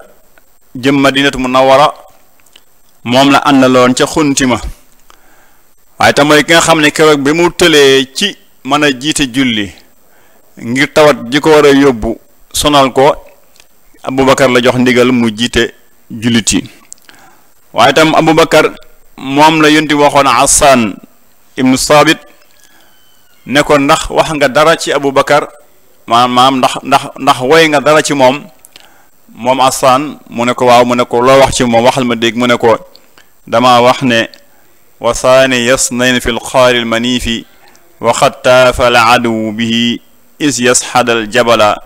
jëm madinatu munawwara moom la àndaloon ca xunti ma waaye tam mooy ki nga xam ne keroog bi mu tëlee ci mën a jiite julli tawat ji ko war yóbbu sonal ko la jox ndigal mu jiite jullit yi waaye tam abubakar moom la yonti waxoon asaan ibnu saabit ne ko ndax wax nga dara ci Aboubacar maam ndax ndax ndax woy nga dara ci moom moom Assane mu ne ko waaw mu ne ko loo wax ci moom waxal ma dégg mu ne ko dama wax ne wa saani yasnayn fi lxaari lmaniifi wa qad taafala aduw bihi is yasxada aljabala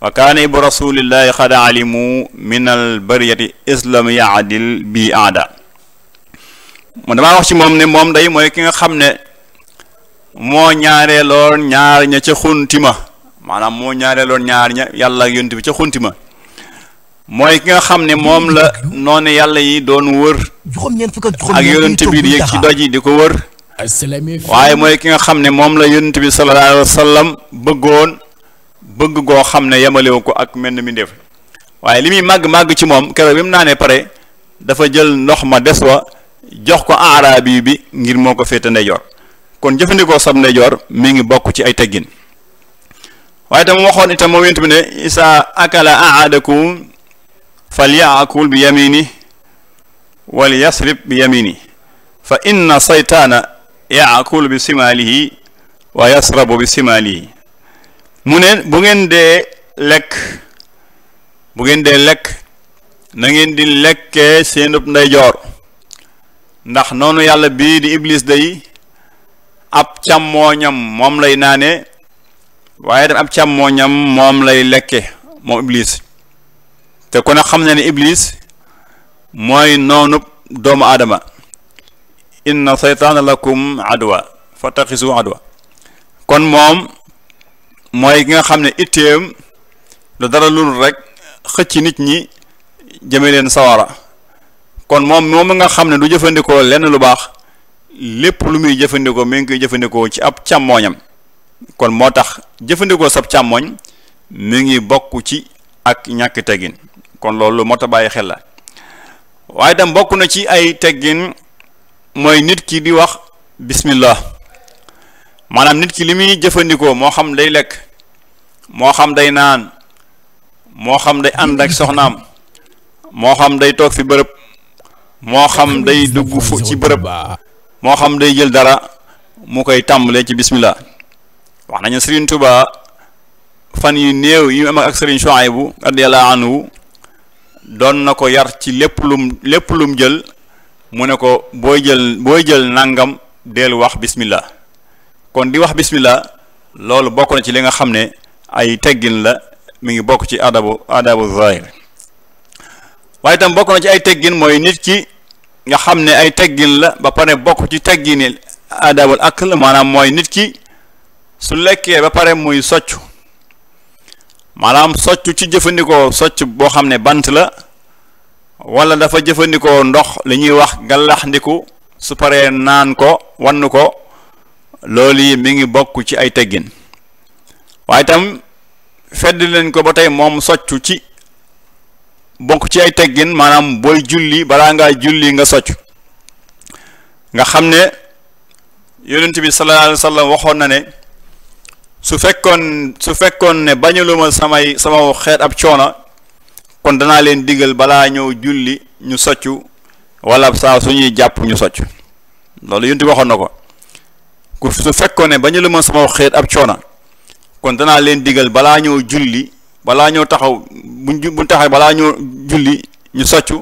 wa kaana ibu rasulillahi qad alimu min albariyati islam yaadil bi aada mu damaa wax ci moom ne moom day mooy ki nga xam ne moo ñaareeloon ñaar ña ca xunti ma maanaam moo ñaareeloon ñaar ña yàlla ak yonent ca xunti ma mooy ki nga xam ne moom la noonu yàlla yi doon wër ak yonent bi yéeg ci doj yi di ko wër waaye mooy ki nga xam ne moom la yonent bi sallallahu alayhi wa sallam bëggoon bëgg goo xam ne yemalewu ko ak menn mi waaye li muy màgg-màgg ci moom keroog bi mu naanee pare dafa jël ndox ma des wa jox ko aaraabi bi ngir moo ko féete ndeyjoor kon jëfandikoo sab ndeyjoor mi ngi bokk ci ay teggin waaye tam waxoon itam moom yent bi ne isa akala aadakum falyaakul bi yamini wal yasrib bi yamini fa inna saytaana yaakul bi simaalihi wa yasrabu bi simaalihi mu ne bu ngeen dee lekk bu ngeen dee lekk na ngeen di lekkee seenub ndeyjoor ndax noonu yàlla bii di iblis day ab càmmooñam moom lay naane waaye tam ab càmmooñam moom lay lekke moom iblis te kon a xam ne ne ibliis mooy noonub doomu aadama inna seytaana lakum adwa fattaxisu adwa kon moom mooy ki nga xam ne itteem lu dara lu rek xëcc nit ñi jëme leen sawara kon moom moom nga xam ne du jëfandikoo lenn lu baax lépp lu muy jëfandikoo mi ngi koy jëfandikoo ci ab càmmooñam kon moo tax jëfandikoo sab càmmoñ mi ngi bokk ci ak ñàkk teggin kon loolu moo bàyyi xel la waaye tam bokk na ci ay teggin mooy nit ki di wax bismillah maanaam nit ki li muy jëfandikoo moo xam day lekk moo xam day naan moo xam day ànd ak soxnaam moo xam day toog fi bërëb moo xam day dugg fu ci bërëb moo xam day jël dara mu koy tàmbalee ci bismillah wax nañu Serigne Touba fan yi néew yi am ak Serigne Chouaïbou bu anhu doon na ko yar ci lépp lum lépp lum jël mu ne ko booy jël booy jël nangam del wax bismillah kon di wax bismillah loolu bokk na ci li nga xam ne ay teggin la mu ngi bokk ci adabu adabu zahir waaye itam bokk na ci ay teggin mooy nit ki nga xam ne ay teggin la ba pare bokk ci teggini ak la maanaam mooy nit ki su lekkee ba pare muy soccu maanaam soccu ci jëfandikoo socc boo xam ne bant la wala dafa jëfandikoo ndox li ñuy wax gàllaxndiku su paree naan ko wann ko loolu yi mi ngi bokk ci ay teggin waaye itam fedd leen ko ba tey moom soccu ci bokk ci ay teggin maanaam booy julli balaa ngaa julli nga socc nga xam ne yonent bi sallallahu waxoon na ne su fekkoon su fekkoon ne bañaluma samay sama xeet ab coona kon danaa leen digal balaa ñëw julli ñu soccu wala saa su ñuy socc loolu yonent bi waxoon na ko ku fekkoon ne bañaluma sama xeet ab coona kon danaa leen digal balaa ñëw julli balaa ñoo taxaw buñ buñ taxaw balaa ñoo julli ñu soccu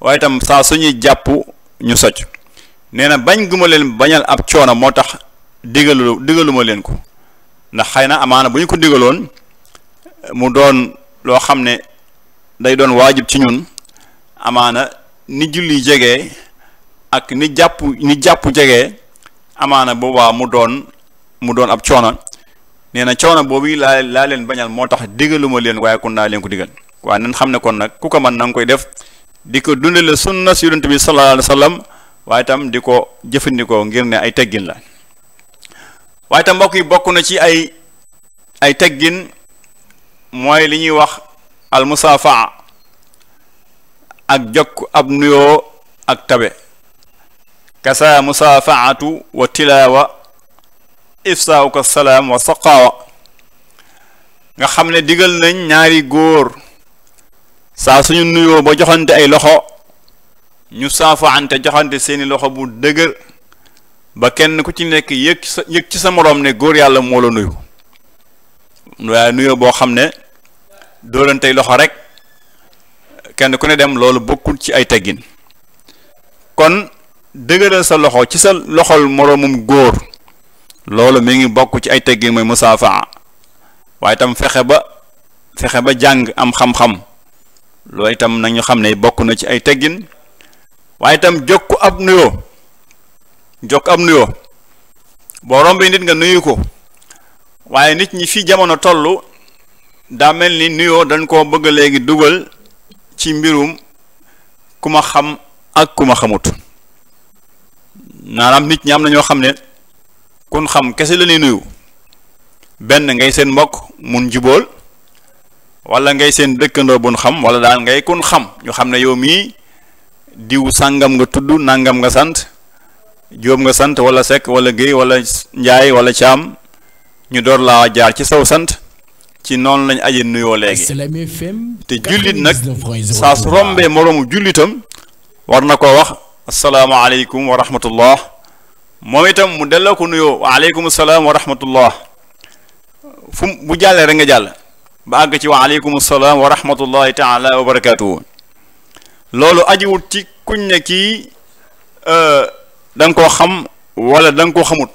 waaye itam saa suñuy jàpp ñu socc nee na bañ guma leen bañal ab coono moo tax digalu digaluma leen ko ndax xëy na amaana bu ñu ko digaloon mu doon loo xam ne day doon waajib ci ñun amaana ni julli jege ak ni jàpp ni jàpp jege amaana boobaa mu doon mu doon ab coona nee na coono boobu laa laa leen bañal moo tax digaluma leen waaye kon naa leen ko digal waaye nan xam ne kon nag ku ko mën na koy def di ko dundale sunna si yonent bi sallallahu alayhi wa sallam waaye itam di ko jëfandikoo ngir ne ay teggin la waaye itam mbokk yi bokk na ci ay ay teggin mooy li ñuy wax al musaafa ak jokk ab nuyoo ak tabe kasa musaafaatu wa tilaawa ifsaawuka salaam wa saqaawa nga xam ne digal nañ ñaari góor saa suñu nuyoo ba joxante ay loxo ñu saafaante joxante seeni loxo bu dëgër ba kenn ku ci nekk yëg ci sa moroom ne góor yàlla moo la nuyu waaye nuyoo boo xam ne dóorantey loxo rek kenn ku ne dem loolu bokkul ci ay teggin kon dëgëral sa loxo ci sa loxol moroomum góor loolu mi ngi bokk ci ay teggin mooy musaafaa waaye itam fexe ba fexe ba jàng am xam-xam loolu itam nañu xam ne bokk na ci ay teggin waaye itam ko ab nuyoo jokk ab nuyoo boo rombee nit nga nuyu ko waaye nit ñi fi jamono toll daa mel ni nuyoo dañ koo bëgg léegi dugal ci mbirum ku ma xam ak ku ma xamut maanaam nit ñi am na ñoo xam ne kun xam kese la ñuy nuyu benn ngay seen mbokk mun njubool wala ngay seen dëkkandoo bun xam wala daal ngay kun xam ñu xam ne yow mii diw sàngam nga tudd nangam nga sant jóob nga sant wala sekk wala géey wala njaay wala caam ñu door laa jaar ci saw sant ci noonu lañ aje nuyoo léegi te jullit nag saa su rombee moroomu jullitam war na ko wax asalaamaaleykum wa rahmatullah moom itam mu delloo ko nuyoo waaleykum salaam wa rahmatullah fu bu jàllee rek nga jàll ba àgg ci waaleykum salaam wa rahmatullahi taala wa barakaatuhu loolu ajiwut ci kuñ ne kii euh, da koo xam wala da koo xamut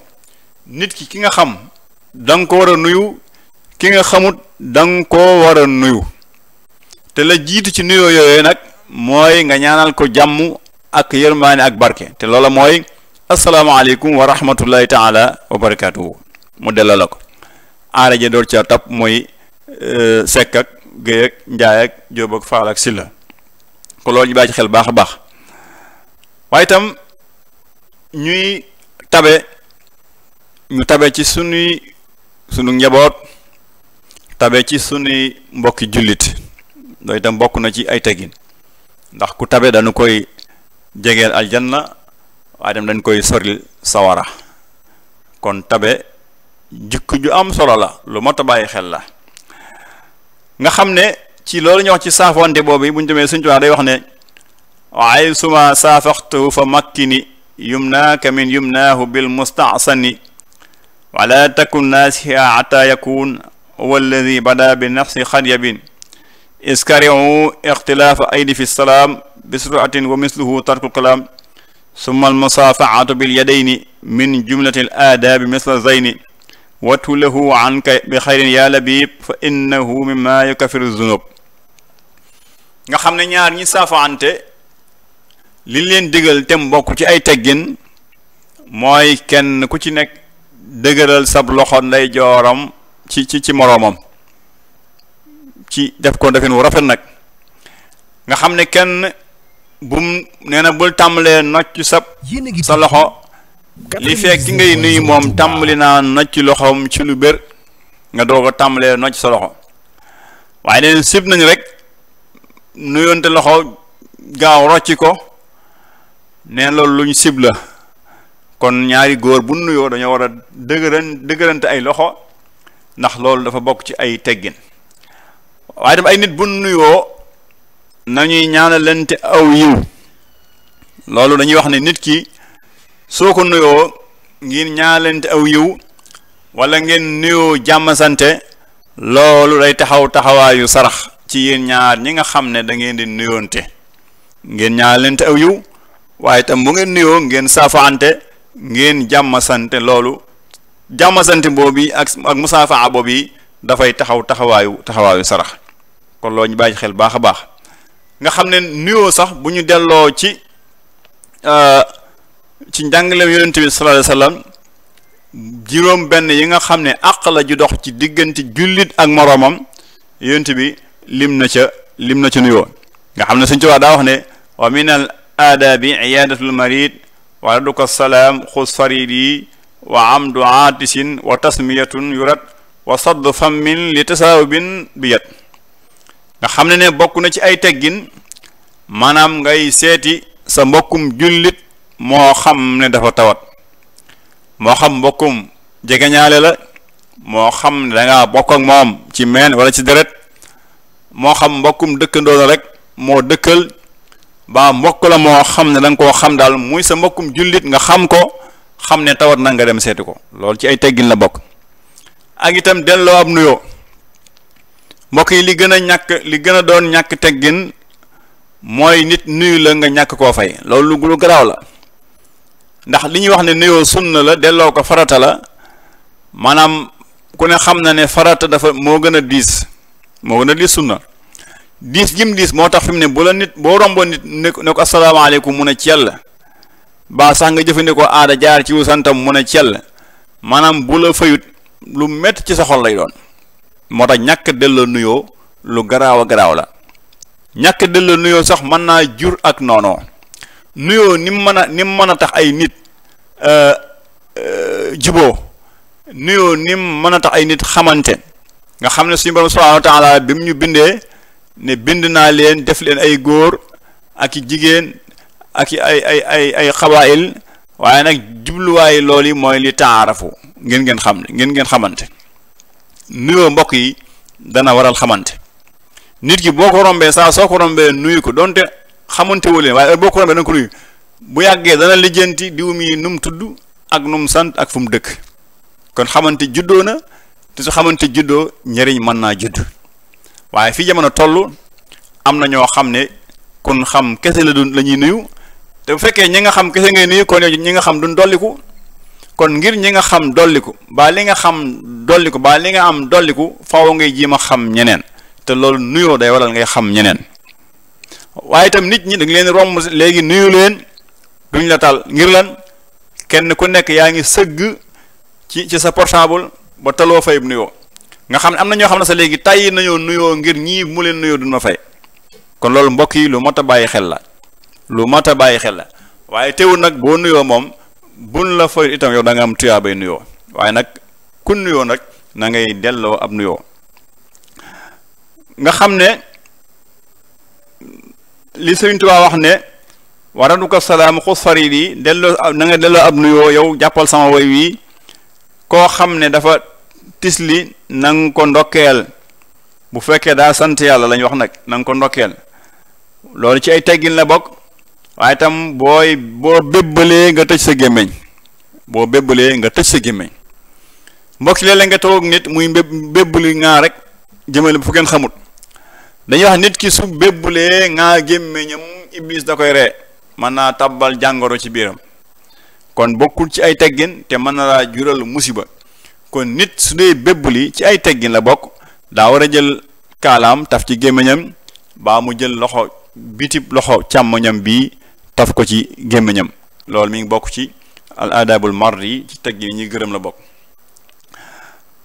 nit ki ki nga xam dang nga ko war a nuyu ki nga xamut da nga koo war a nuyu te la jiitu ci nuyoo yooyu nag mooy nga ñaanal ko jàmm ak yërmaane ak barke te loola mooy asalaamaaleykum wa rahmatullahi taala wa mu delloo la ko aara ja door ca topp mooy euh, sekk ak géy ak njaay ak jóob ak faal ak silla ko loolu ñu bàyyi ci xel baax a baax waaye itam ñuy tabe ñu tabe ci sunuy sunu njaboot tabe ci sunuy mbokki jullit loolu itam bokk na ci ay teggin ndax ku tabe dañu koy jegeel aljanna waaye dem dañ koy soril sawara kon tabe jikko ju am solo la lu mot a bàyyi xel la nga xam ne ci loolu ñu wax ci saafoonte boobu bu ñu demee suñ tuwaa day wax ne waaye suma saafaxtu fa makkini yumnaaka min yumnaahu bil mustaasani wala takun naasiha ata yakun huwa alladi bada bi nafsi xaryabin iskariu ixtilaafa aydi fi salaam bi suratin wa misluhu tarku kalaam summa almusaafaatu bilyadayni min jumlati al aadaabi misla zeyni watu lahu anka bi xayrin yaa labib fa innahu mimma yukafiru zunub nga xam ne ñaar ñi saafaante li leen digal te mbokk ci ay teggin mooy kenn ku ci nekk dëgëral sab loxo nday jooram ci ci ci moroomam ci def ko defin wu rafet nag nga xam ne kenn bum nee na bul tàmbalee nocc sab sa loxo li fekk ki ngay nuyu moom tàmbali naa nocc loxoom ci lu bër nga doog a tàmbalee nocc sa loxo waaye neen sib nañ rek nuyoonte loxo gaaw rocci ko neen loolu luñ sib la kon ñaari góor bu nuyoo dañoo war a dëgëran ay loxo ndax loolu dafa bokk ci ay teggin waaye tam ay nit bu nuyoo nañuy ñaanalante aw yiw loolu dañuy wax ne nit ki soo ko nuyoo ngir ñaanalante aw yiw wala ngeen nuyoo jàmm sante loolu day taxaw taxawaayu sarax ci yéen ñaar ñi nga xam ne dangeen ngeen di nuyoonte ngeen ñaanalante aw yiw waaye tam bu ngeen nuyoo ngeen saafaante ngeen jàmm sante loolu jàmm sante boobu ak ak musaafaa boobu dafay taxaw taxawaayu taxawaayu sarax kon loo ñu bàyyi xel baax a baax. nga xam ne nuyoo sax bu ñu delloo ci euh, ci njàngaleem yonent bi sallallahu alayhi wasallam juróom benn yi nga xam ne àq la ju dox ci diggante jullit ak moroomam yonent bi lim na ca lim na ca nuyoo nga xam ne suñ ci wax daa wax ne wa min al aadabi iyaadatul marid wa raduka salaam xus faridi wa amdu aatisin wa tasmiyatun yurat wa sadd fammin li tasaawubin bi yat nga xam ne ne bokk na ci ay teggin maanaam ngay seeti sa mbokkum jullit moo xam ne dafa tawat moo xam mbokkum jege jegeñaale la moo xam ne dangaa bokk ak moom ci meen wala ci deret moo xam mbokkum dëkkandoo rek moo dëkkal ba mbokk la moo xam ne da nga koo xam daal muy sa mbokkum jullit nga xam ko xam ne tawat na nga dem seeti ko loolu ci ay teggin la bokk ak itam delloo ab nuyoo mbokk yi li gën a ñàkk li gën a doon ñàkk teggin mooy nit nuyu la nga ñàkk koo fay loolu lu garaaw la ndax li ñuy wax ne nuyoo na la delloo ko farata la maanaam ku ne xam na ne farata dafa moo gën a diis moo gën a diis sunna diis jim diis moo tax fi mu ne bu la nit boo romboon nit ne ko asalaamaaleykum mun a ciel baa sax nga jëfandikoo aada jaar ci wu santam mun a ciel maanaam bu la fayut lu métti ci sa xol lay doon moo tax ñàkk delloo nuyoo lu garaaw a garaaw la ñàkk delloo nuyoo sax mën naa jur ak noonoo nuyoo ni mën a ni mën a tax ay nit euh, euh, juboo nuyoo ni mu mën a tax ay nit xamante nga xam ne suñu borom subhanahu wa taala bi mu ñu bindee ne bind naa leen def leen ay góor ak jigéen ak i ay ay ay ay xabaayil waaye nag jubluwaayu lool yi mooy li taarafu ngeen ngeen xam ngeen ngeen xamante nuyoo mbokk yi dana waral xamante nit ki boo ko rombee saa soo ko rombee nuyu ko donte xamante wu leen waaye boo ko rombee danga ko nuyu bu yàggee dana lijjanti diw mi nu mu tudd ak nu mu sant ak fu mu dëkk kon xamante juddoo na te su xamante juddoo njëriñ mën naa judd waaye fi jamono toll am na ñoo xam ne kon xam kese la du la ñuy nuyu te bu fekkee ñi nga xam kese ngay nuyu kon ñi nga xam duñ dolliku kon ngir ñi nga xam dolliku baa li nga xam dolliku baa li nga am dolliku faaw ngay jéem a xam ñeneen te loolu nuyoo day waral ngay xam ñeneen waaye itam nit ñi da leen romb léegi nuyu leen duñ la tal ngir lan kenn ku nekk yaa ngi sëgg ci ci sa portable ba taloo fay nuyoo nga xam ne am na ñoo xam ne sa léegi tàyyi nañoo nuyoo ngir ñii mu leen nuyoo duñ ma fay kon loolu mbokk yi lu mat a bàyyi xel la lu mat a bàyyi xel la waaye teewul nag boo nuyoo moom buñ la fayul itam yow da am tuyaabay nuyoo waaye nag ku nuyoo nag nangay delloo ab nuyoo nga xam ne li Sëriñ Tuubaa wax ne waradu ko salaam xus farid yi delloo na delloo ab nuyoo yow jàppal sama way wii koo xam ne dafa tis li nga ko ndokkeel bu fekkee daa sant yàlla lañ wax nag na nga ko ndokkeel loolu ci ay teggin la bokk waaye itam booy boo bébbalee nga tëj sa gémmiñ boo bébbalee nga tëj sa gémmiñ mbokk léeg-léeg nga toog nit muy béb bébbali ngaa rek jëmale fu ngeen xamut dañuy wax nit ki su bébbalee ngaa gémmiñam iblis da koy ree mën naa tabbal jàngoro ci biiram kon bokkul ci ay teggin te mën na laa jural musiba kon nit su dee bébbali ci ay teggin la bokk daa war a jël kaalam taf ci gémmiñam baa mu jël loxo bitib loxo càmmoñam bii taf ko ci gémmiñam loolu mi ngi bokk ci al adabul mar yi ci teg yi ñuy gërëm la bokk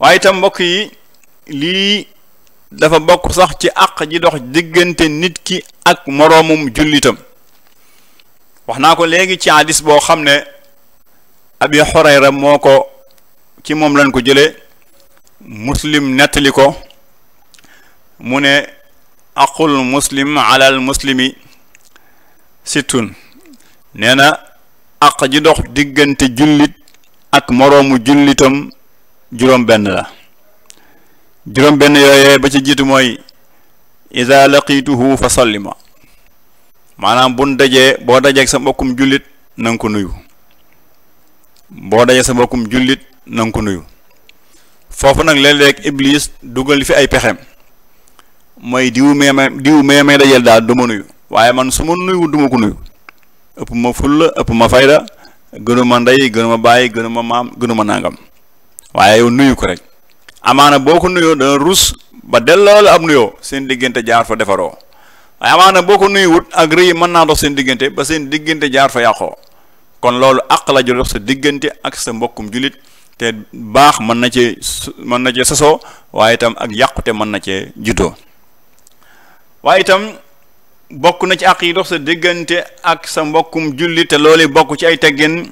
waaye tam mbokk yi lii dafa bokk sax ci àq ji dox diggante nit ki ak moroomum jullitam wax naa ko léegi ci hadis boo xam ne abi xorayra moo ko ci moom lañ ko jëlee muslim nettali ko mu ne aqul muslim ala muslimi sittun nee na àq ji dox diggante jullit ak moroomu jullitam juróom benn la juróom benn yooyee ba ci jiitu mooy iza laqituhu fa sallima maanaam bun dajee boo dajee sa mbokkum jullit nanga ko nuyu boo dajee sa mbokkum jullit nanga ko nuyu foofu nag léeg-léeg iblis dugal fi ay pexem mooy diwu meema diwu meemay dajeel daal du nuyu waaye man su ma nuyu duma ko nuyu ëpp ma fulla ëpp ma fayda gënuma ndey gënuma bàyyi ma maam gënuma nangam waaye yow nuyu ko rek amaana boo ko nuyoo dana rus ba delloo la ab seen diggante jaar fa defaroo waaye boo ko nuyuwut ak rëy mën naa dox seen diggante ba seen diggante jaar fa yàqoo kon loolu àq la ju sa diggante ak sa mbokkum julit te baax mën na ce mën na cee sosoo waaye itam ak yàqute mën na cee jutoo waaye itam bokk na ci àq yi dox sa diggante ak sa mbokkum julli te loolu bokk ci ay teggin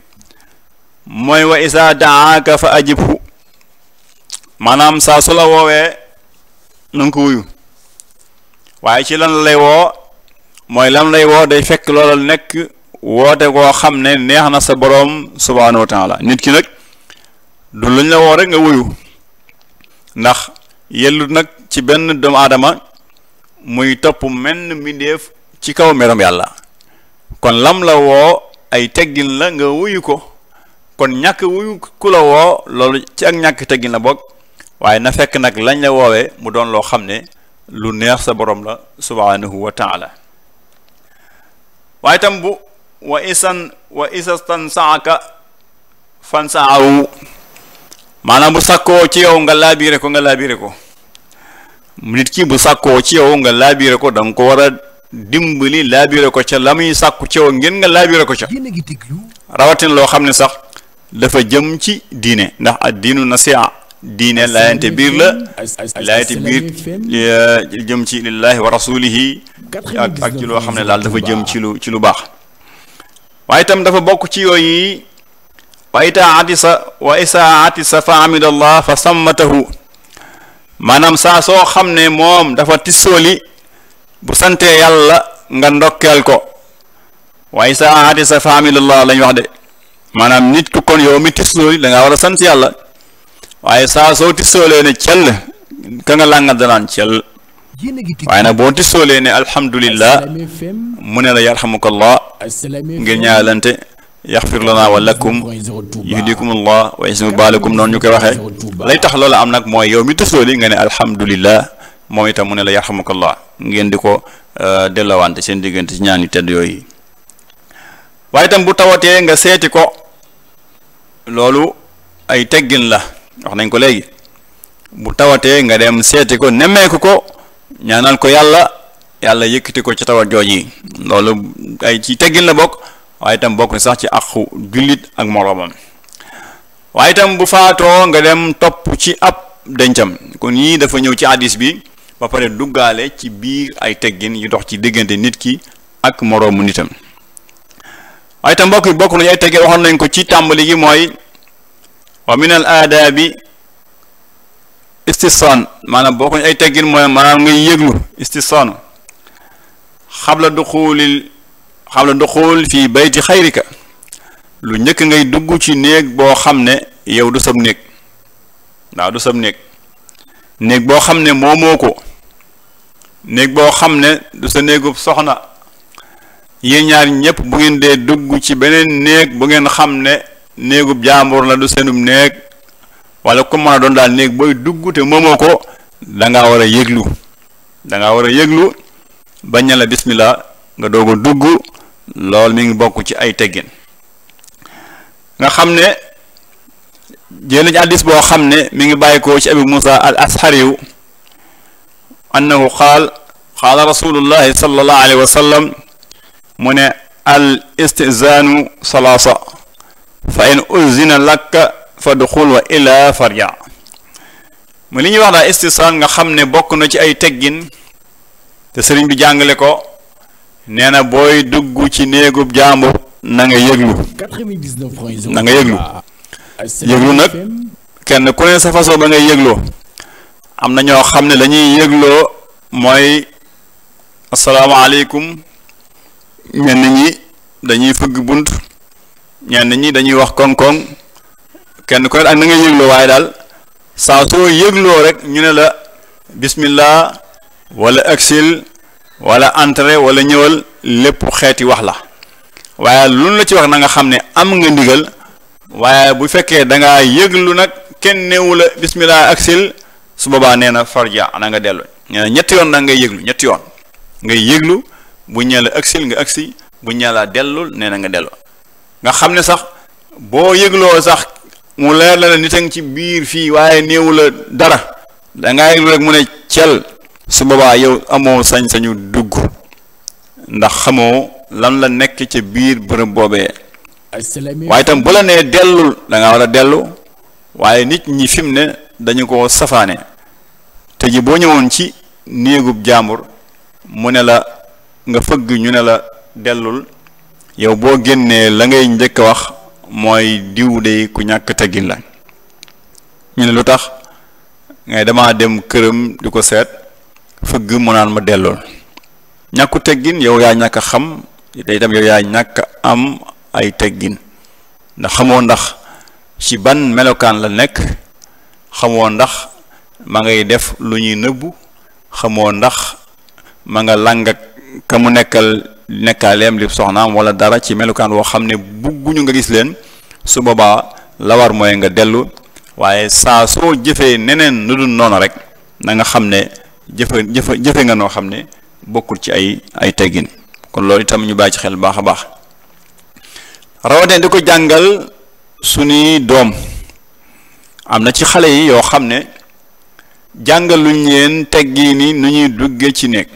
mooy wa isaa daaka fa ajibhu maanaam saa su la woowee na ko wuyu waaye ci lan lay woo mooy lan lay woo day fekk loolal nekk woote koo xam ne neex na sa boroom subhaanahu wa taala nit ki nag du luñ la woo rek nga wuyu ndax yellut nag ci benn doomu aadama muy topp menn mbindeef ci kaw merom yàlla kon lam la woo ay teggin la nga wuyu ko kon ñàkk wuyu ku la woo loolu ci ak ñàkk teggin la bokk waaye na fekk nag lañ la woowee mu doon loo xam ne lu neex sa borom la subhanahu wa taala waaye tam bu wa isan wa isastan saaka fan saawu maanaam bu sakkoo ci yow nga laabiire ko nga laabire ko nit ki bu sàkkoo ci yow nga laabire ko da ko war a dimbali laabire ko ca la sàkku ci yow ngeen nga laabire ko ca rawatina loo xam ne sax dafa jëm ci diine ndax ad diinu nasiha diine laayante biir la laayante biir eh, jëm ci lillahi wa rasulihi ak ci loo xam ne laal dafa jëm ci lu ci lu baax waaye itam dafa bokk ci yooyu wa itaati sa wa isaati sa fa amidallah fa sammatahu maanaam saa soo xam ne moom dafa li bu santee yàlla nga ndokkeel ko waaye sa aati sa faamilullah lañ wax de maanaam nit ku kon yow mi tissooli da ngaa war a sant yàlla waaye saa soo tissoolee ne cell ka nga lànga danaan cell waaye nag boo tissoolee ne alhamdulillah mu ne la yarhamukallah ngir ñaalante yaxfir lana wa lakum yuhdikum allah wa yasmu baalakum noonu ñu koy waxee lay tax loola am nag mooy yow mi tës loolu nga ne alhamdulillah moom itam mu ne la yarhamukallah ngeen di ko euh, dellawante seen diggante ci ñaan yu tedd yooyu waaye itam bu tawatee nga seeti ko loolu ay teggin la wax nañ ko léegi bu tawatee nga dem seeti ko nemmeeku ko ñaanal ko yàlla yàlla yëkkati ko ci tawat jooj yi loolu ay ci teggin la bokk waaye itam bokk na sax ci àqu jullit ak moroomam waaye itam bu faatoo nga dem topp ci ab dencam kon yii dafa ñëw ci hadis bi ba pare duggaale ci biir ay teggin yu dox ci diggante nit ki ak moroomu nitam waaye itam mbokk bokk nañu ay teggin waxoon nañ ko ci tàmbali gi mooy wa min al aadaabi istisaan maanaam bokk nañu ay teggin mooy maanaam ngay yëglu istisaan xabla duxulil xam la ndoxul fii bayti xayrika lu njëkk ngay dugg ci néeg boo xam ne yow du sab néeg waaw du sab néeg néeg boo xam ne moomoo ko néeg boo xam ne du sa néegub soxna yéen ñaar ñëpp bu ngeen dee dugg ci beneen néeg bu ngeen xam ne néegub jaambur la du seenub néeg walla comme mën a doon daal néeg booy dugg te moomoo ko da ngaa war a yëglu da war a yëglu bañ na la bismillah nga doog a dugg lool mi ngi bokk ci ay teggin nga xam ne jël nañu addis boo xam ne mi ngi bàyyi ko ci abi Musa al ashariyu annahu qaal qaala rasulullahi sallallahu alayhi wa mu ne al istizaanu salaasa fa in uzina lakka fa duxul wa illa farja mu li ñuy wax daal istisaan nga xam ne bokk na ci ay teggin te sëriñ bi jàngale ko nee na booy dugg ci néegub jàmbur na nga yëglu na nga yëglu ah, ah, yëglu nag kenn ku ne sa façon ba ngay yëgloo am na ñoo xam ne la ñuy yëgloo mooy asalaamaaleykum ñenn ñi dañuy fëgg bunt ñenn ñi dañuy wax koŋ-koŋ kenn ku ne ak na ngay yëgloo waaye daal saa soo yëgloo rek ñu ne la bismillah wala aksil wala entrée wala ñëwal lépp xeeti wax la waaye lu la ci wax na nga xam ne am nga ndigal waaye bu fekkee da ngaa yëglu nag kenn newu la bismillah aksil su boobaa nee na farja na nga dellu nee ñetti yoon nag ngay yëglu ñetti yoon ngay yëglu bu ñee la aksil nga aksi bu ñee la dellul nee na nga dellu nga xam ne sax boo yëgloo sax mu leer la ne nit ngi ci biir fii waaye néewu la dara da ngaa yëglu rek mu ne cel su boobaa yow amoo sañ-sañu dugg ndax xamoo lan la nekk ci biir bërëb boobee waaye itam bu la nee dellul da war a dellu waaye nit ñi fi ne dañu ko safaane te ji boo ñëwoon ci néegub jaambur mu ne la nga fëgg ñu ne la dellul yow boo génnee la ngay njëkk a wax mooy diw de ku ñàkk teggin la ñu ne lu tax ngay dama dem këram di ko seet fëgg mu naan ma delloo ñàkku teggin yow yaa ñàkk xam te itam yaa ñàkk am ay teggin ndax xamoo ndax ci ban melokaan la nekk xamoo ndax ma ngay def lu ñuy nëbbu xamoo ndax ma nga làng ak ka mu nekkal nekkaaleem li soxnaam wala dara ci melokaan woo xam ne bugguñu nga gis leen su boobaa la mooy nga dellu waaye saa soo jëfee neneen nu dul noonu rek na nga xam ne jëfe jëfe jëfe nga noo xam ne bokkul ci ay ay teggin kon loolu itam ñu bàyyi ci xel baax a baax rawatina di ko jàngal suñuy doom am na ci xale yi yoo xam ne jàngaluñ leen teggi ni nu ñuy dugge ci néeg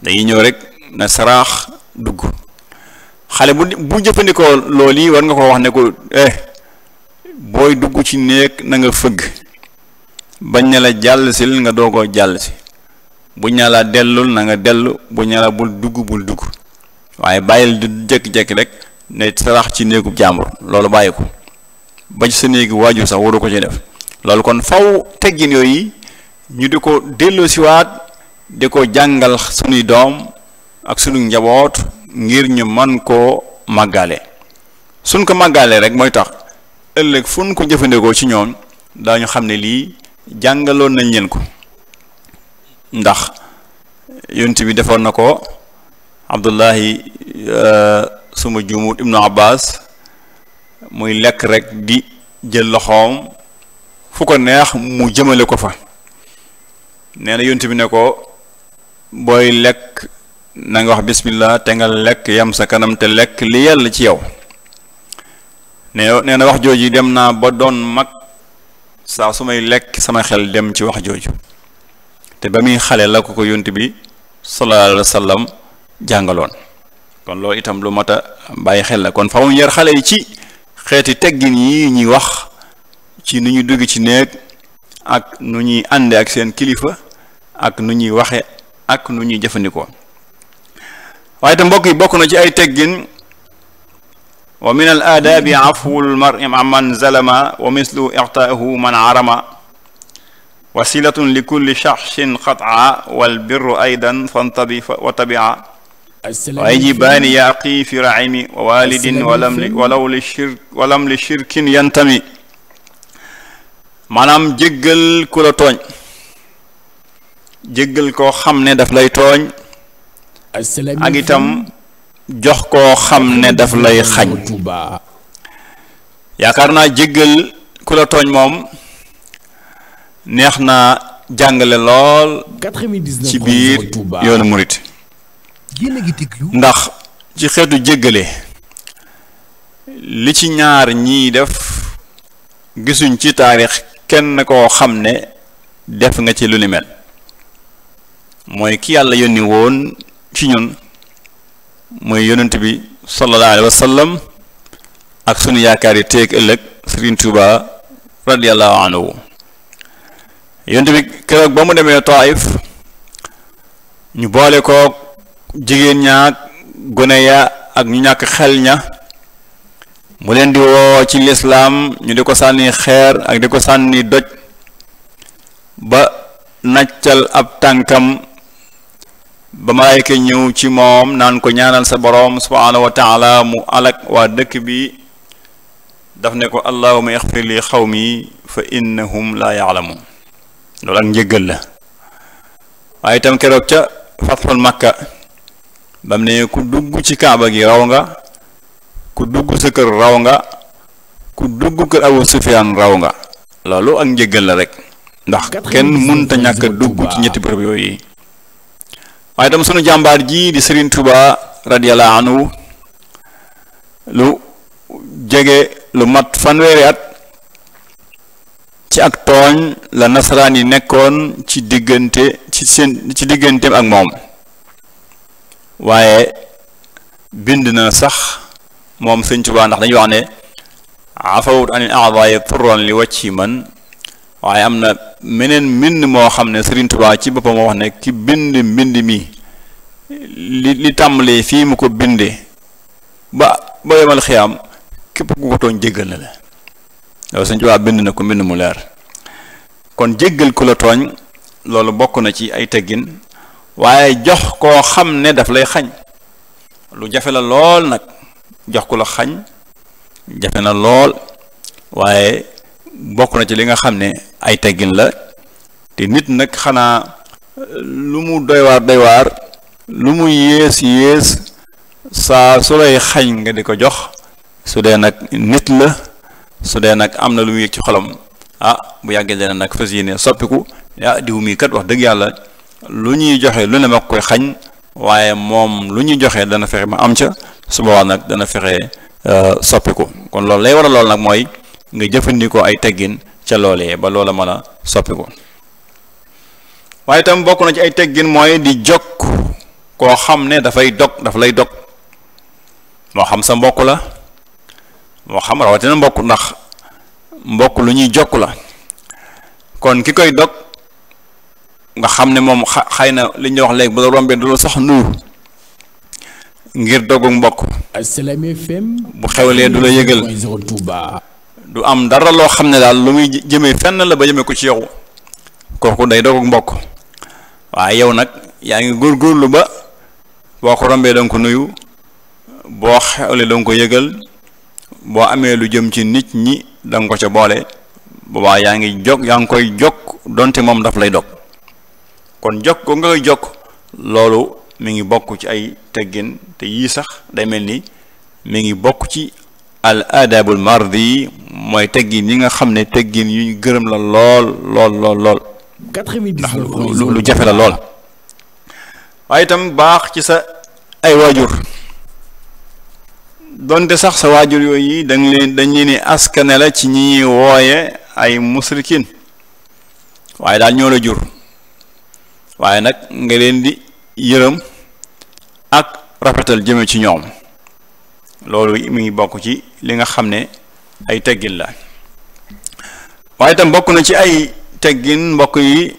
dañuy ñëw rek na saraax dugg xale bu bu jëfandikoo lool yi war nga ko wax ne ko eh, booy dugg ci néeg na nga fëgg bañ ne la jàll si li nga doo koo jàll si bu ñala la dellul na nga dellu buñ ne la bul dugg bul dugg waaye bàyyil du jékki-jékki rek ne sarax ci néegu jàmbur loolu bàyyi ko ba sa néegu waajur sax waru ko ci def loolu kon faw teggin yooyu ñu di ko delloo delloosiwaat di ko jàngal sunuy doom ak sunu njaboot ngir ñu man koo màggale sun ko màggale rek mooy tax ëllëg fun ñu ko jëfandikoo ci ñoom daañu xam ne lii jàngaloon nañ leen ko ndax yonent bi defoon na ko abdullahi euh, suma jumut ibnu abbas muy lekk rek di jël loxoom fu ko neex mu jëmale ko fa nee na yonent bi ne ko booy lekk na wax bismillah te nga lekk yam sa kanam te lekk li yàlla ci yow nee nee wax jooju dem naa ba doon mag saa su may lekk sama xel dem ci wax jooju te ba muy xale la ko ko yont bi sallallahu alayhi wa sallam jàngaloon kon loolu itam lu mat a bàyyi xel la kon fa mu yar xale yi ci xeeti teggin yi ñuy wax ci nu ñuy dugg ci néeg ak nu ñuy ànde ak seen kilifa ak nu ñuy waxe ak nu ñuy jëfandikoo waaye itam mbokk bokk na ci ay teggin wa min al aadaabi afwul mar'i man zalama wa mislu ixtaahu man arama wasilatun li kulli shaxsin xataa wal birru aydan fantabi wa tabia wa yajibaani ya aqi fi raimi wa walidin walaw li shirk walam li shirkin yantami maanaam jéggal ku la tooñ jéggal koo xam ne daf lay tooñ ak itam jox koo xam ne daf lay xañ yaakaar naa jéggal ku la tooñ moom neex naa jàngale lool ci biir yoonu murit ndax ci xeetu jéggale li ci ñaar ñii def gisuñ ci taarix kenn koo xam ne def nga ci lu ni mel mooy ki yàlla yónni woon ci ñun mooy yonent bi sallallahu alayhi ak sunu yaakaar yi teeg ëllëg Serigne Touba radiyallahu anhu yonent bi keroog ba mu demee Taif ñu boole koog jigéen ñaag gone ya ak ñu ñàkk xel ña mu leen di woo ci lislaam ñu di ko sànni xeer ak di ko sànni doj ba naccal ab tànkam ba malaayka ñëw ci moom naan ko ñaanal sa boroom subhaanahu wa mu alak waa dëkk bi daf ne ko allahuma ixfir xaw xawmi fa innahum laa yaalamuun loolu ak njëggal la waaye itam keroog ca fatxul makka ba ne ku dugg ci kaaba gi raw nga ku dugg sa kër raw nga ku dugg kër abu sufiyaan raw nga loolu ak njëggal la rek ndax kenn mënta ñàkk dugg ci ñetti bërëb yooyu waaye tam sunu jàmbaar jii di Serigne Touba radiyallahu anu lu jege lu mat fanweeri at ci ak tooñ la nasaraan yi nekkoon ci diggante ci seen ci digganteem ak moom waaye bind na sax moom Sëñ Touba ndax dañuy wax ne afawut anil a'daa'i turran li wacci man waaye am na meneen mbind moo xam ne Serigne Touba ci boppam moo wax ne ki bind mbind mi li li tàmbalee fii mu ko bindee ba ba yemal am képp ku ko tooñ jéggal na la loolu na ko mbind mu leer kon jéggal ku la tooñ loolu bokk na ci ay teggin waaye jox koo xam ne daf lay xañ lu jafe la lool nag jox ku la xañ jafe na lool waaye bokk na ci li nga xam ne ay teggin la te nit nag xanaa lu mu doywaar waar waar lu mu yées yées saa su lay xañ nga di ko jox su dee nag nit la su dee nag am na lu mu yëg ci xolam ah bu yàggee dana nag fas yéene soppiku ah diw mii wax dëgg yàlla lu ñuy joxe lu ne ma koy xañ waaye moom lu ñuy joxe dana fexe ma am ca su boobaa nag dana fexe euh, soppiku kon loolu lay waral lool nag mooy. nga jëfandikoo ay teggin ca loolee ba loola mën a soppi waaye itam bokk na ci ay teggin mooy di jog koo xam ne dafay dog daf lay dog moo xam sa mbokk la moo xam rawatina mbokk ndax mbokk lu ñuy jokk la kon ki koy dog nga xam ne moom xay na li ñuy wax léegi bu la rombee du la sax nuyu ngir dogu mbokk. Assalaamy FM bu xewlee du la yëgal. du am dara loo xam ne daal lu muy jëmee fenn la ba jëmee ko ci yow kooku day doog mbokk waaye yow nag yaa ngi góor góorgóorlu ba boo ko rombee danga ko nuyu boo xewle danga ko yëgal boo amee lu jëm ci nit ñi danga ko ca boole boobaa yaa ngi jog yaa ngi koy jokk donte moom daf lay dog kon jokk ko nga koy jokk loolu mi ngi bokk ci ay teggin te yii sax day mel ni mi ngi bokk ci al aadabul mardi mooy teggiin yi nga xam ne teggin yuñ gërëm la lool lool lool lu jafe la lool. waaye itam baax ci sa ay waajur. donte sax sa waajur yooyu da nga leen dañ leen askane la ci ñi wooye ay musrikin waaye daal ñoo la jur waaye nag nga leen di yërëm ak rafetal jëme ci ñoom loolu mi ngi bokk ci li nga xam ne. ay teggin la waaye itam bokk na ci ay teggin mbokk yi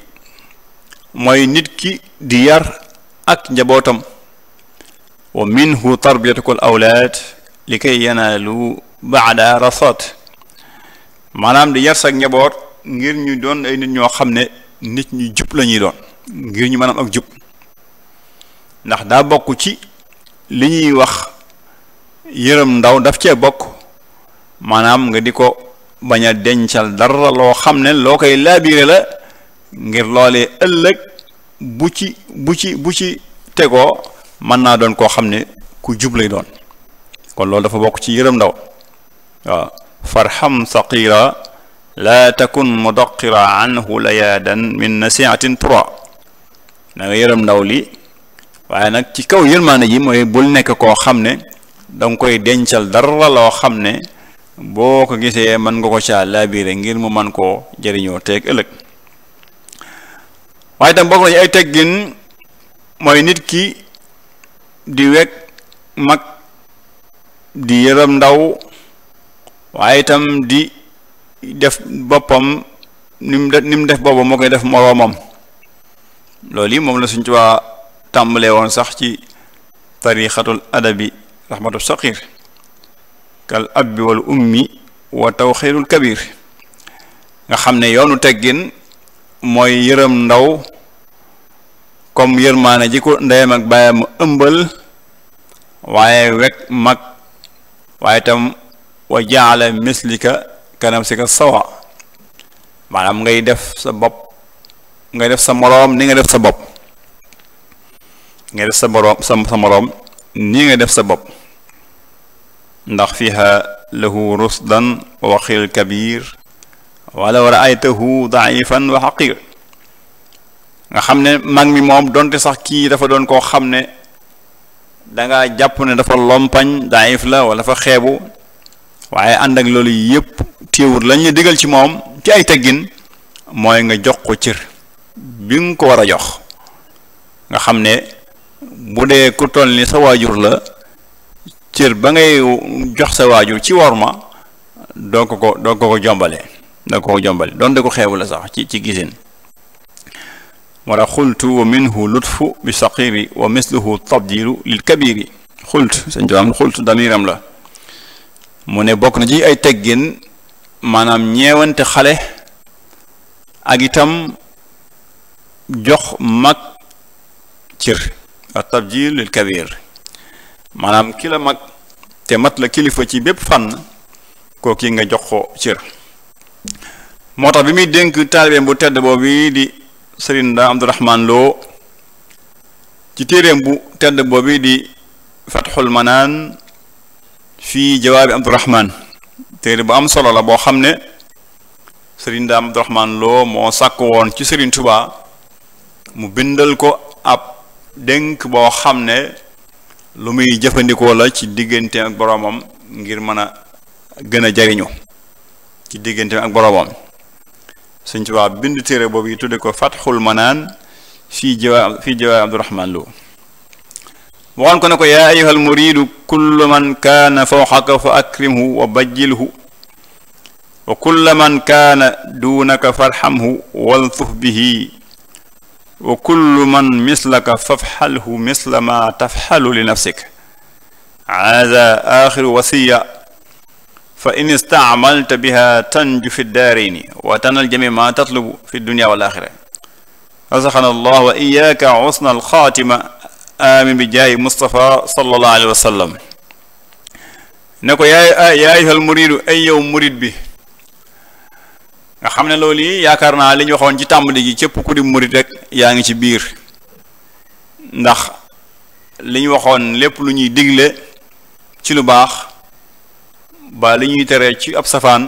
mooy nit ki di yar ak njabootam wa minhu tarbiyatukul awlaad li kay baax baada rasat maanaam di yar sa njaboot ngir ñu doon ay nit ñoo xam ne nit ñu jub lañuy doon ngir ñu maanaam ak jub ndax daa bokk ci li ñuy wax yërëm ndaw daf cee bokk maanaam nga di ko bañ a dencal dara loo xam ne loo koy laabiire la ngir loole ëllëg bu ci bu ci bu ci tegoo mën naa doon koo xam ne ku juble lay doon kon loolu dafa bokk ci yërëm ndaw waaw farham saqira laa takun mudaqira anhu layaadan min nasiatin tura na nga yërëm ndaw li waaye nag ci kaw yërmaane ji mooy bul nekk koo xam ne danga koy dencal dara loo xam ne boo ko gisee mën nga ko caa laabiire ngir mu man koo jëriñoo teeg ëllëg waaye tam bokk nañu ay mooy nit ki di weg mag di yërëm ndaw waaye itam di def boppam ni mu def ni mu def boppam moo koy def moroomam loolu yi moom la suñ ci waa tàmbalee woon sax ci tarixatul adabi rahmatu saqir kal abbi wal ummi wa tawxiirul kabir nga xam ne yoonu teggin mooy yërëm ndaw comme yërmaane ji ko ndeyam ak baayam ëmbal waaye wekk mag waaye tam wa jaala mislika kanam si ka sawa maanaam ngay def sa bopp nga def sa moroom ni nga def sa bopp ngay def sa moroom sa sa moroom ni nga def sa bopp ndax fiha lahu rusdan wa waqil kabir walaw raaytahu daifan wa xaqir nga xam ne mag mi moom donte sax kii dafa doon koo xam ne danga jàpp ne dafa lompañ daif la wala dafa xeebu waaye ànd ak loolu yépp téewur lañuy la digal ci moom ci ay teggin mooy nga jox ko cër bi nga ko war a jox nga xam ne bu dee ku toll ni sa waajur la cër ba ngay jox sa waajur ci war ma doo ko ko doo ko ko jombale doo ko ko jombale doon de ko xeebu la sax ci ci gisin wala xultu wa minhu lutfu bi saqiri wa misluhu tabdilu lil kabiri xult sëñ tubaab xult damiram la mu ne bokk na ci ay teggin maanaam ñewante xale ak itam jox mag cër a tabdil lil kabir maanaam ki la mag te mat la kilifa ci bépp fànn koo kii nga jox ko cër moo tax bi muy dénk taalibeem bu tedd boobu di sëriñ da Abdourahman ci téeréem bu tedd boobu di fatxul manaan fii jawaabi Abdourahman téere bu am solo la boo xam ne sëriñ da Abdourahman moo sàkk woon ci sëriñ Tuubaa mu bindal ko ab dénk boo xam ne lu muy jëfandikoo la ci diggante ak boroomam ngir mën a gën a jariñu ci diggante ak boroomam Sëñ Tuubaa bind téere boobu yi tudde ko Fatxul Manaan fii jawaab fii jawaab Abdurahmaan Lo waxoon ko ne ko yaa ayyuhal muriidu kullu man kaana fawqaka fa akrimhu wa bajjilhu wa kullu man kaana duunaka farhamhu waltuf bihi wa kullu man mislaka fafxalhu misla ma tafxalu li nafsik hada axiru wasiya fa in istaamalta biha tanju fi daarayni wa tanal jami ma tatlubu fi dunia wal axira rasaxana allah wa iyaka xusna alxaatima amin bi jaayi mustapha sallallahu alayhi wa sallam ne ko yaay yaay hal muridu ay yow murid bi nga xam ne loolu yi yaakaar naa li ñu waxoon ci tàmbali gi képp ku di murit rek yaa ngi ci biir ndax li ñu waxoon lépp lu ñuy digle ci lu baax ba li ñuy tere ci ab safaan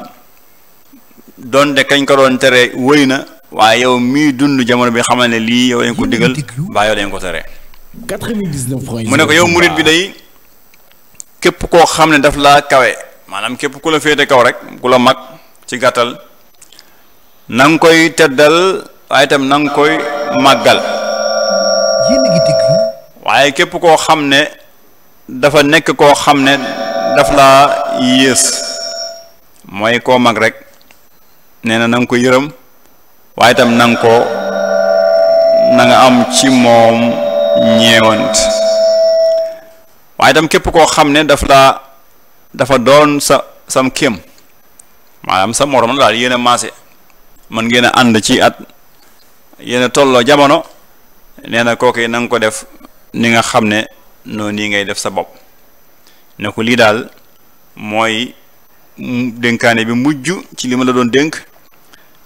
doon de kañ ko doon tere wëy na waaye yow mii dund jamono bi xam ne lii yow lañ ko digal baa yow lañ ko tere mu ne ko yow murit bi day képp koo xam ne daf laa kawe maanaam képp ku la féete kaw rek ku la mag ci gàttal nanga koy teddal waaye itam na koy màggal waaye képp koo xam ne dafa nekk koo xam ne daf laa yées mooy koo mag rek nee na nanga ko yërëm waaye itam na nga ko na am ci moom ñeewant waaye itam képp koo xam ne daf laa dafa doon sa sam kéem am sa morom la daal yéen maase mën ngeen a ànd ci at yéen a tolloo jamono nee na kooku na nga ko def ni nga xam ne noonu nii ngay def sa bopp ne ko lii daal mooy dënkaane bi mujj ci li ma la doon dénk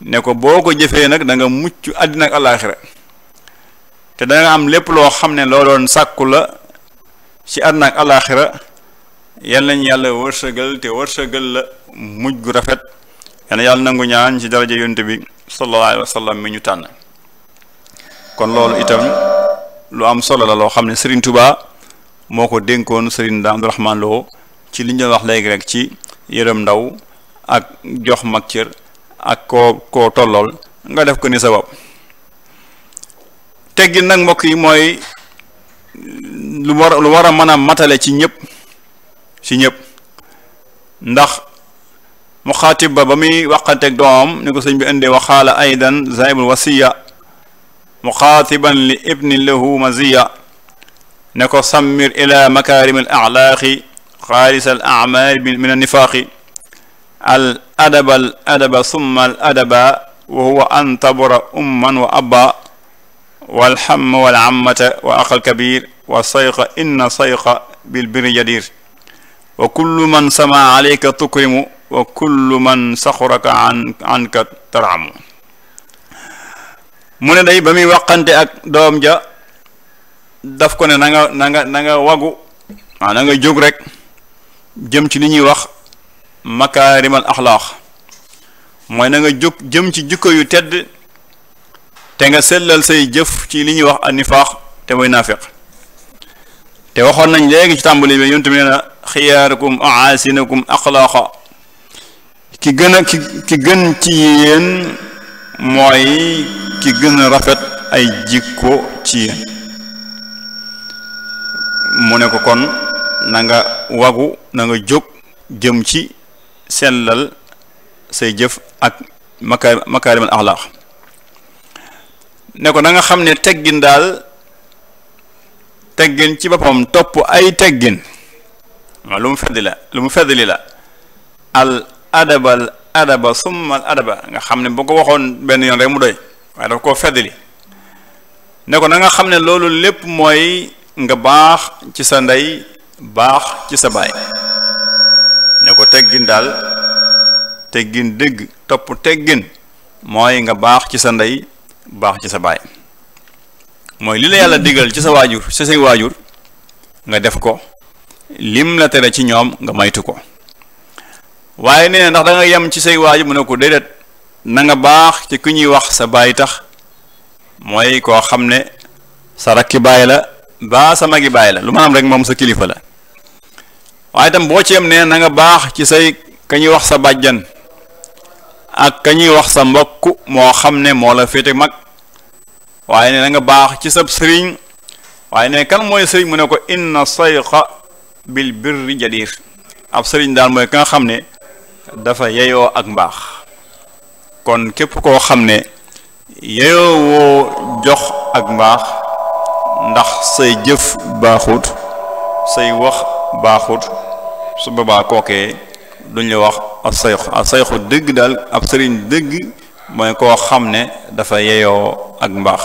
ne ko boo ko jëfee nag danga nga mucc àddina ak alaaxira te da am lépp loo xam ne loo doon sàkku la ci àddina ak alaaxira yal nañ yàlla wërsëgal te wërsëgal la mujj gu rafet yal yàlla nangu ñaan ci daraja yonte bi sallallahu alayhi mi ñu tànn kon loolu itam lu am solo la loo xam ne sëriñ Touba moo ko dénkoon Serigne Abdou Rahmane Lo ci li ñu doon wax léegi rek ci yërëm ndaw ak jox mag cër ak ko koo tollool nga def ko ni sa bopp teggin nag mbokk yi mooy lu war lu war a mën a matale ci ñëpp ci ñëpp ndax mu xaatib ba ba muy waqanteeg doomam ni ko sëñ bi indee waxaala aydan zaibul wasiya muxaatiban li ibni lahu maziya ne ko sammir ila makarim al axlaaqi xaalis al amaali min annifaaqi al adaba al adaba summa al adaba wa huwa an tabura umman wa abba walhamma walamata wa aqal kabir wa sayqa inna sayqa bilbiri jadir wa kullu man sama alayka tukrimu wa kullu man saxuraka an anka taramu mu ne day ba muy waxante ak doom ja daf ko ne nanga nga na nga na wagu waaw jóg rek jëm ci li ñuy wax makaarimal axlaax mooy na nga jóg jëm ci jikko yu tedd te nga sellal say jëf ci li ñuy wax anifaax te mooy naafiq te waxoon nañ léegi ci tàmbali bi yonent na xiyaarukum aasinakum axlaaqa ki gën a ki gën ci yéen mooy ki gën rafet ay jikko ci yéen mu ne ko kon nanga nga wagu na jóg jëm ci sellal say jëf ak maka makaarimal axlaaq ne ko na xam ne teggin daal teggin ci boppam topp ay teggin waaw lu mu fedd la lu mu fedd li la al adabal adaba summal adaba nga xam ne bu ko waxoon benn yoon rek mu doy waaye dafa koo feddali ne ko na xam ne loolu lépp mooy nga baax ci sa ndey baax ci sa baay ne ko teggin daal teggin dëgg topp teggin mooy nga baax ci sa ndey baax ci sa baay mooy li la yàlla digal ci sa waajur ci say waajur nga def ko lim la tere ci ñoom nga maytu ko waaye nee ndax da nga yem ci say waajur mu ne ko déedéet nanga baax ci ku ñuy wax sa baay tax mooy koo xam ne sa rakki baay la baa sa magi baay la lu ma maanaam rek moom sa kilifa la waaye itam boo ci yem nee na baax ci say ka wax sa bàjjan ak ka ñuy wax sa mbokk moo xam ne moo la féete mag waaye ne na baax ci sab sëriñ waaye ne kan mooy sëriñ mu ne ko inna soyka bil birri jadir ab sëriñ daal mooy ka nga xam ne dafa yeyoo ak mbaax kon képp koo xam ne yeyoo woo jox ak mbaax ndax say jëf baaxut say wax baaxut su boobaa kookee duñ la wax ab sayxu dëgg daal ab sëriñ dëgg mooy koo xam ne dafa yeyoo ak mbaax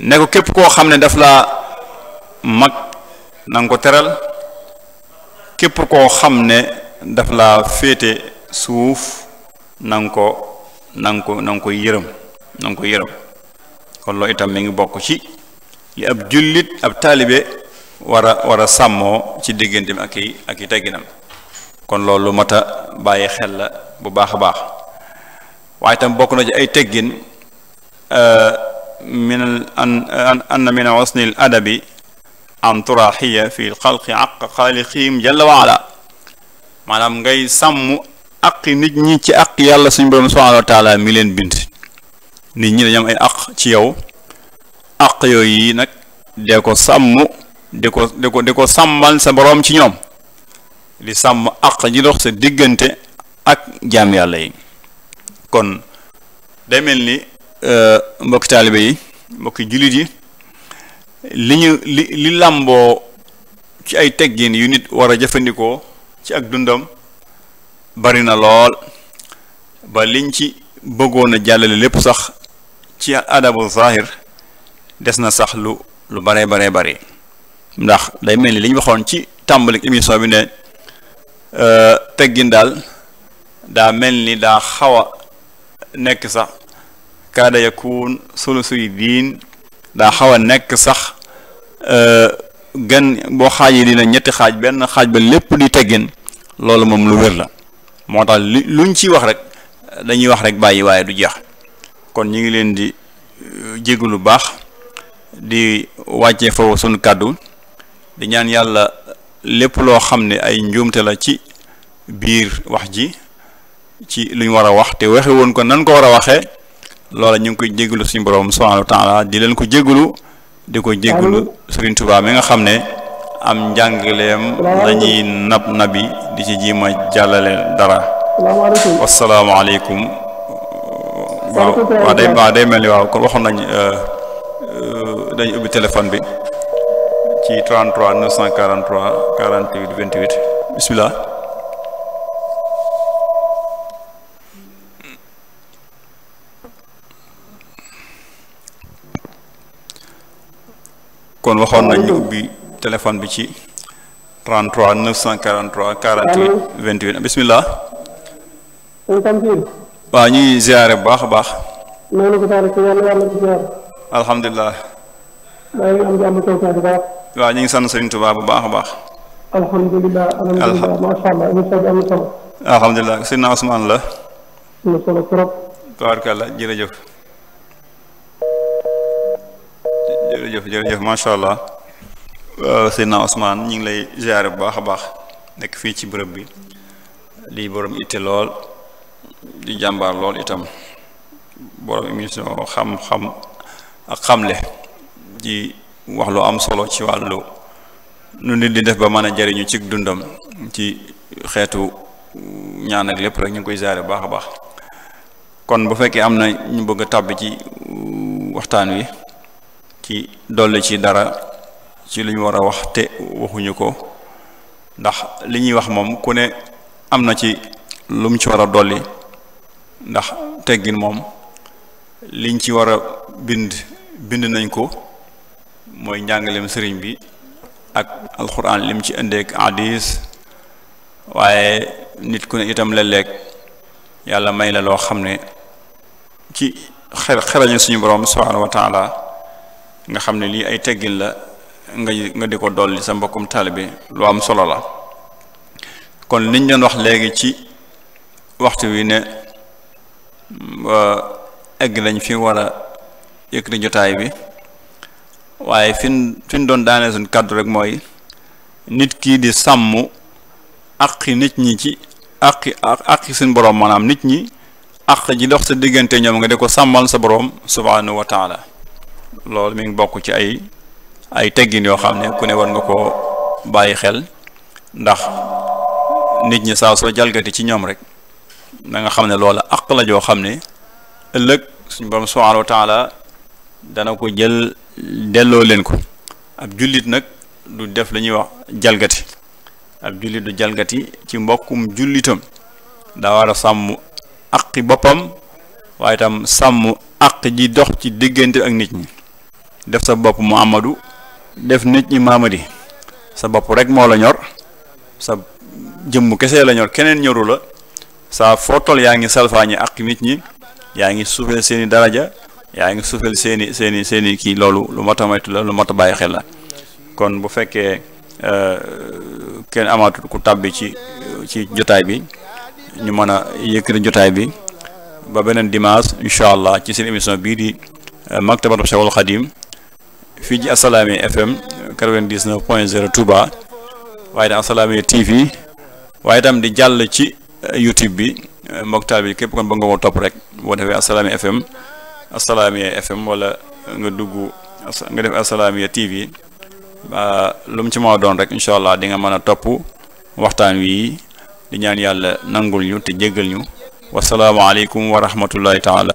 ne ko képp koo xam ne daf la mag na ko teral képp koo xam ne daf la féete suuf na ko na ko na ko yërëm na nga ko yërëm kon loolu itam mi ngi bokk ci li ab jullit ab taalibe war a sàmmoo ci digganteem ak i ak i tegginam kon loolu lu mat a bàyyi xel la bu baax a baax waaye itam bokk na ci ay teggin eh, min an ann min husnil adabi an turaxiya fi lxalqi aq xaaliqihim jalla wa maanaam ngay sàmm aqi nit ñi ci aq yàlla suñu borom subhaanahu wa mi leen bind nit ñi dañu ay àq ci yow àq yooyu yii nag dee ko sàmm di ko di ko di ko sàmmal sa boroom ci ñoom di sàmm àq ji dox sa diggante ak jaam yàlla yi kon day mel ni euh, mbokki taalibe yi mbokki jullit yi li ñu li li làmboo ci ay teggin yu nit war a jëfandikoo ci ak dundam bari na lool ba liñ ci bëggoon a jàllale lépp sax ci adabu zahir des na sax lu lu baree baree bari ndax day mel ni li waxoon ci tàmbalik émission bi ne euh, teggin daal daa mel ni daa xaw a nekk sax kaada yakun sulusuy diin daa xaw a nekk sax euh, gën boo xaajee dina ñetti xaaj benn xaaj ba lépp di teggin loolu moom lu wér la moo tax li luñ ciy wax rek dañuy wax rek bàyyi waaye du jeex kon ñu ngi leen di euh, jéggu lu baax di wàccee foofu sunu kàddu di ñaan yàlla lépp loo xam ne ay njuumte la ci biir wax ji ci luñ war a wax te waxe woon ko nan ko war a waxee loola ñu ngi koy jégalu suñu borom subhanahu wa taala di leen ko jégalu di ko jégalu Serigne Touba mi nga xam ne am njàngaleem dañuy nab nabi di ci jiima jàllale dara wasalaamaaleykum waaw waaw day waaw day mel ni waaw kon waxoon nañ euh, euh, dañu ubbi téléphone bi ci 33 943 48 28 bismillah kon waxoon nañ ubbi téléphone bi ci 33 943 48 28 bismillah waaw ñu ngi bu baax a baax. alhamdulilah. waaw ñu ngi sant Serigne bu baax a baax. alhamdulilah alhamdulilah macha allah émission la. am na solo trop. tabaarkalla jërëjëf. jërëjëf jërëjëf macha allah. waaw euh, Seydina Ousmane ñu ngi lay ziare bu baax a baax nekk fii ci bërëb bi di borom itte lool di jàmbaar lool itam borom émission xam-xam ak xamle di wax lu am solo ci wàllu nu nit di def ba mën a jariñu ci dundam ci xeetu ñaan ak lépp rek ñu ngi koy ziare bu baax a baax kon bu fekkee am na ñu bëgg a tàbbi ci waxtaan wi ci dolli ci dara. ci lu ñu war a wax te waxuñu ko ndax li ñuy wax moom ku ne am na ci lu ci war a dolli ndax teggin moom liñ ci war a bind bind nañ ko mooy njàngaleem sëriñ bi ak alxuraan lim ci indeek hadis waaye nit ku ne itam léeg-léeg yàlla may la loo xam ne ci xer suñu borom subhaanahu wa nga xam ne lii ay teggin la nga nga di ko dolli sa mbokkum bi lu am solo la kon liñ doon wax léegi ci waxtu wi ne mm, egg nañ fi war a yëkkati jotaay bi waaye fin fin doon daanee suñ kàddu rek mooy nit kii di sàmm aqi nit ñi ci aqi aqi suñ boroom maanaam nit ñi aq ji dox sa diggante ñoom nga di ko sàmmal sa boroom subhaanahu wa taala loolu mi ngi bokk ci ay ay teggin yoo xam ne ku ne war nga ko bàyyi xel ndax nit ñi saa soo jalgati ci ñoom rek na nga xam ne loola àq la joo xam ne ëllëg suñ borom subhaanahu wa taala dana ko jël delloo leen ko ab jullit nag du def la ñuy wax jalgati ab jullit jalgati ci mbokkum jullitam daa war a sàmm aqi boppam waaye tam sàmm aq ji dox ci diggante ak nit ñi def sa bopp Muhammadu def nit ñi maamadi sa bopp rek moo la ñor sa jëmm kese la ñor keneen ñoru la saa foo yaa ngi ñi ak nit ñi yaa ngi suufeel seeni daraja yaa ngi suufeel seeni seeni seeni kii loolu lu mat a moytu la lu mat a bàyyi xel la kon bu fekkee euh, kenn amatul ku tàbbi ci ci jotaay bi ñu mën a yëkkati jotaay bi ba beneen dimanche incha allah ci seen émission bii di euh, maktabatu Cheikhul Khadim fii ji Assalaamy FM 99 point 0 Touba waaye tam Assalaamy TV waaye tam di jàll ci euh, YouTube bi euh, mboktaal bi képp kon ba nga ko topp rek boo defee Assalaamy FM Assalaamy FM wala nga dugg nga def Assalaamy TV lu ci maa doon rek incha allah di nga mën a topp waxtaan wi di ñaan yàlla nangul ñu te jéggal ñu wasalaamaaleykum wa rahmatullahi taala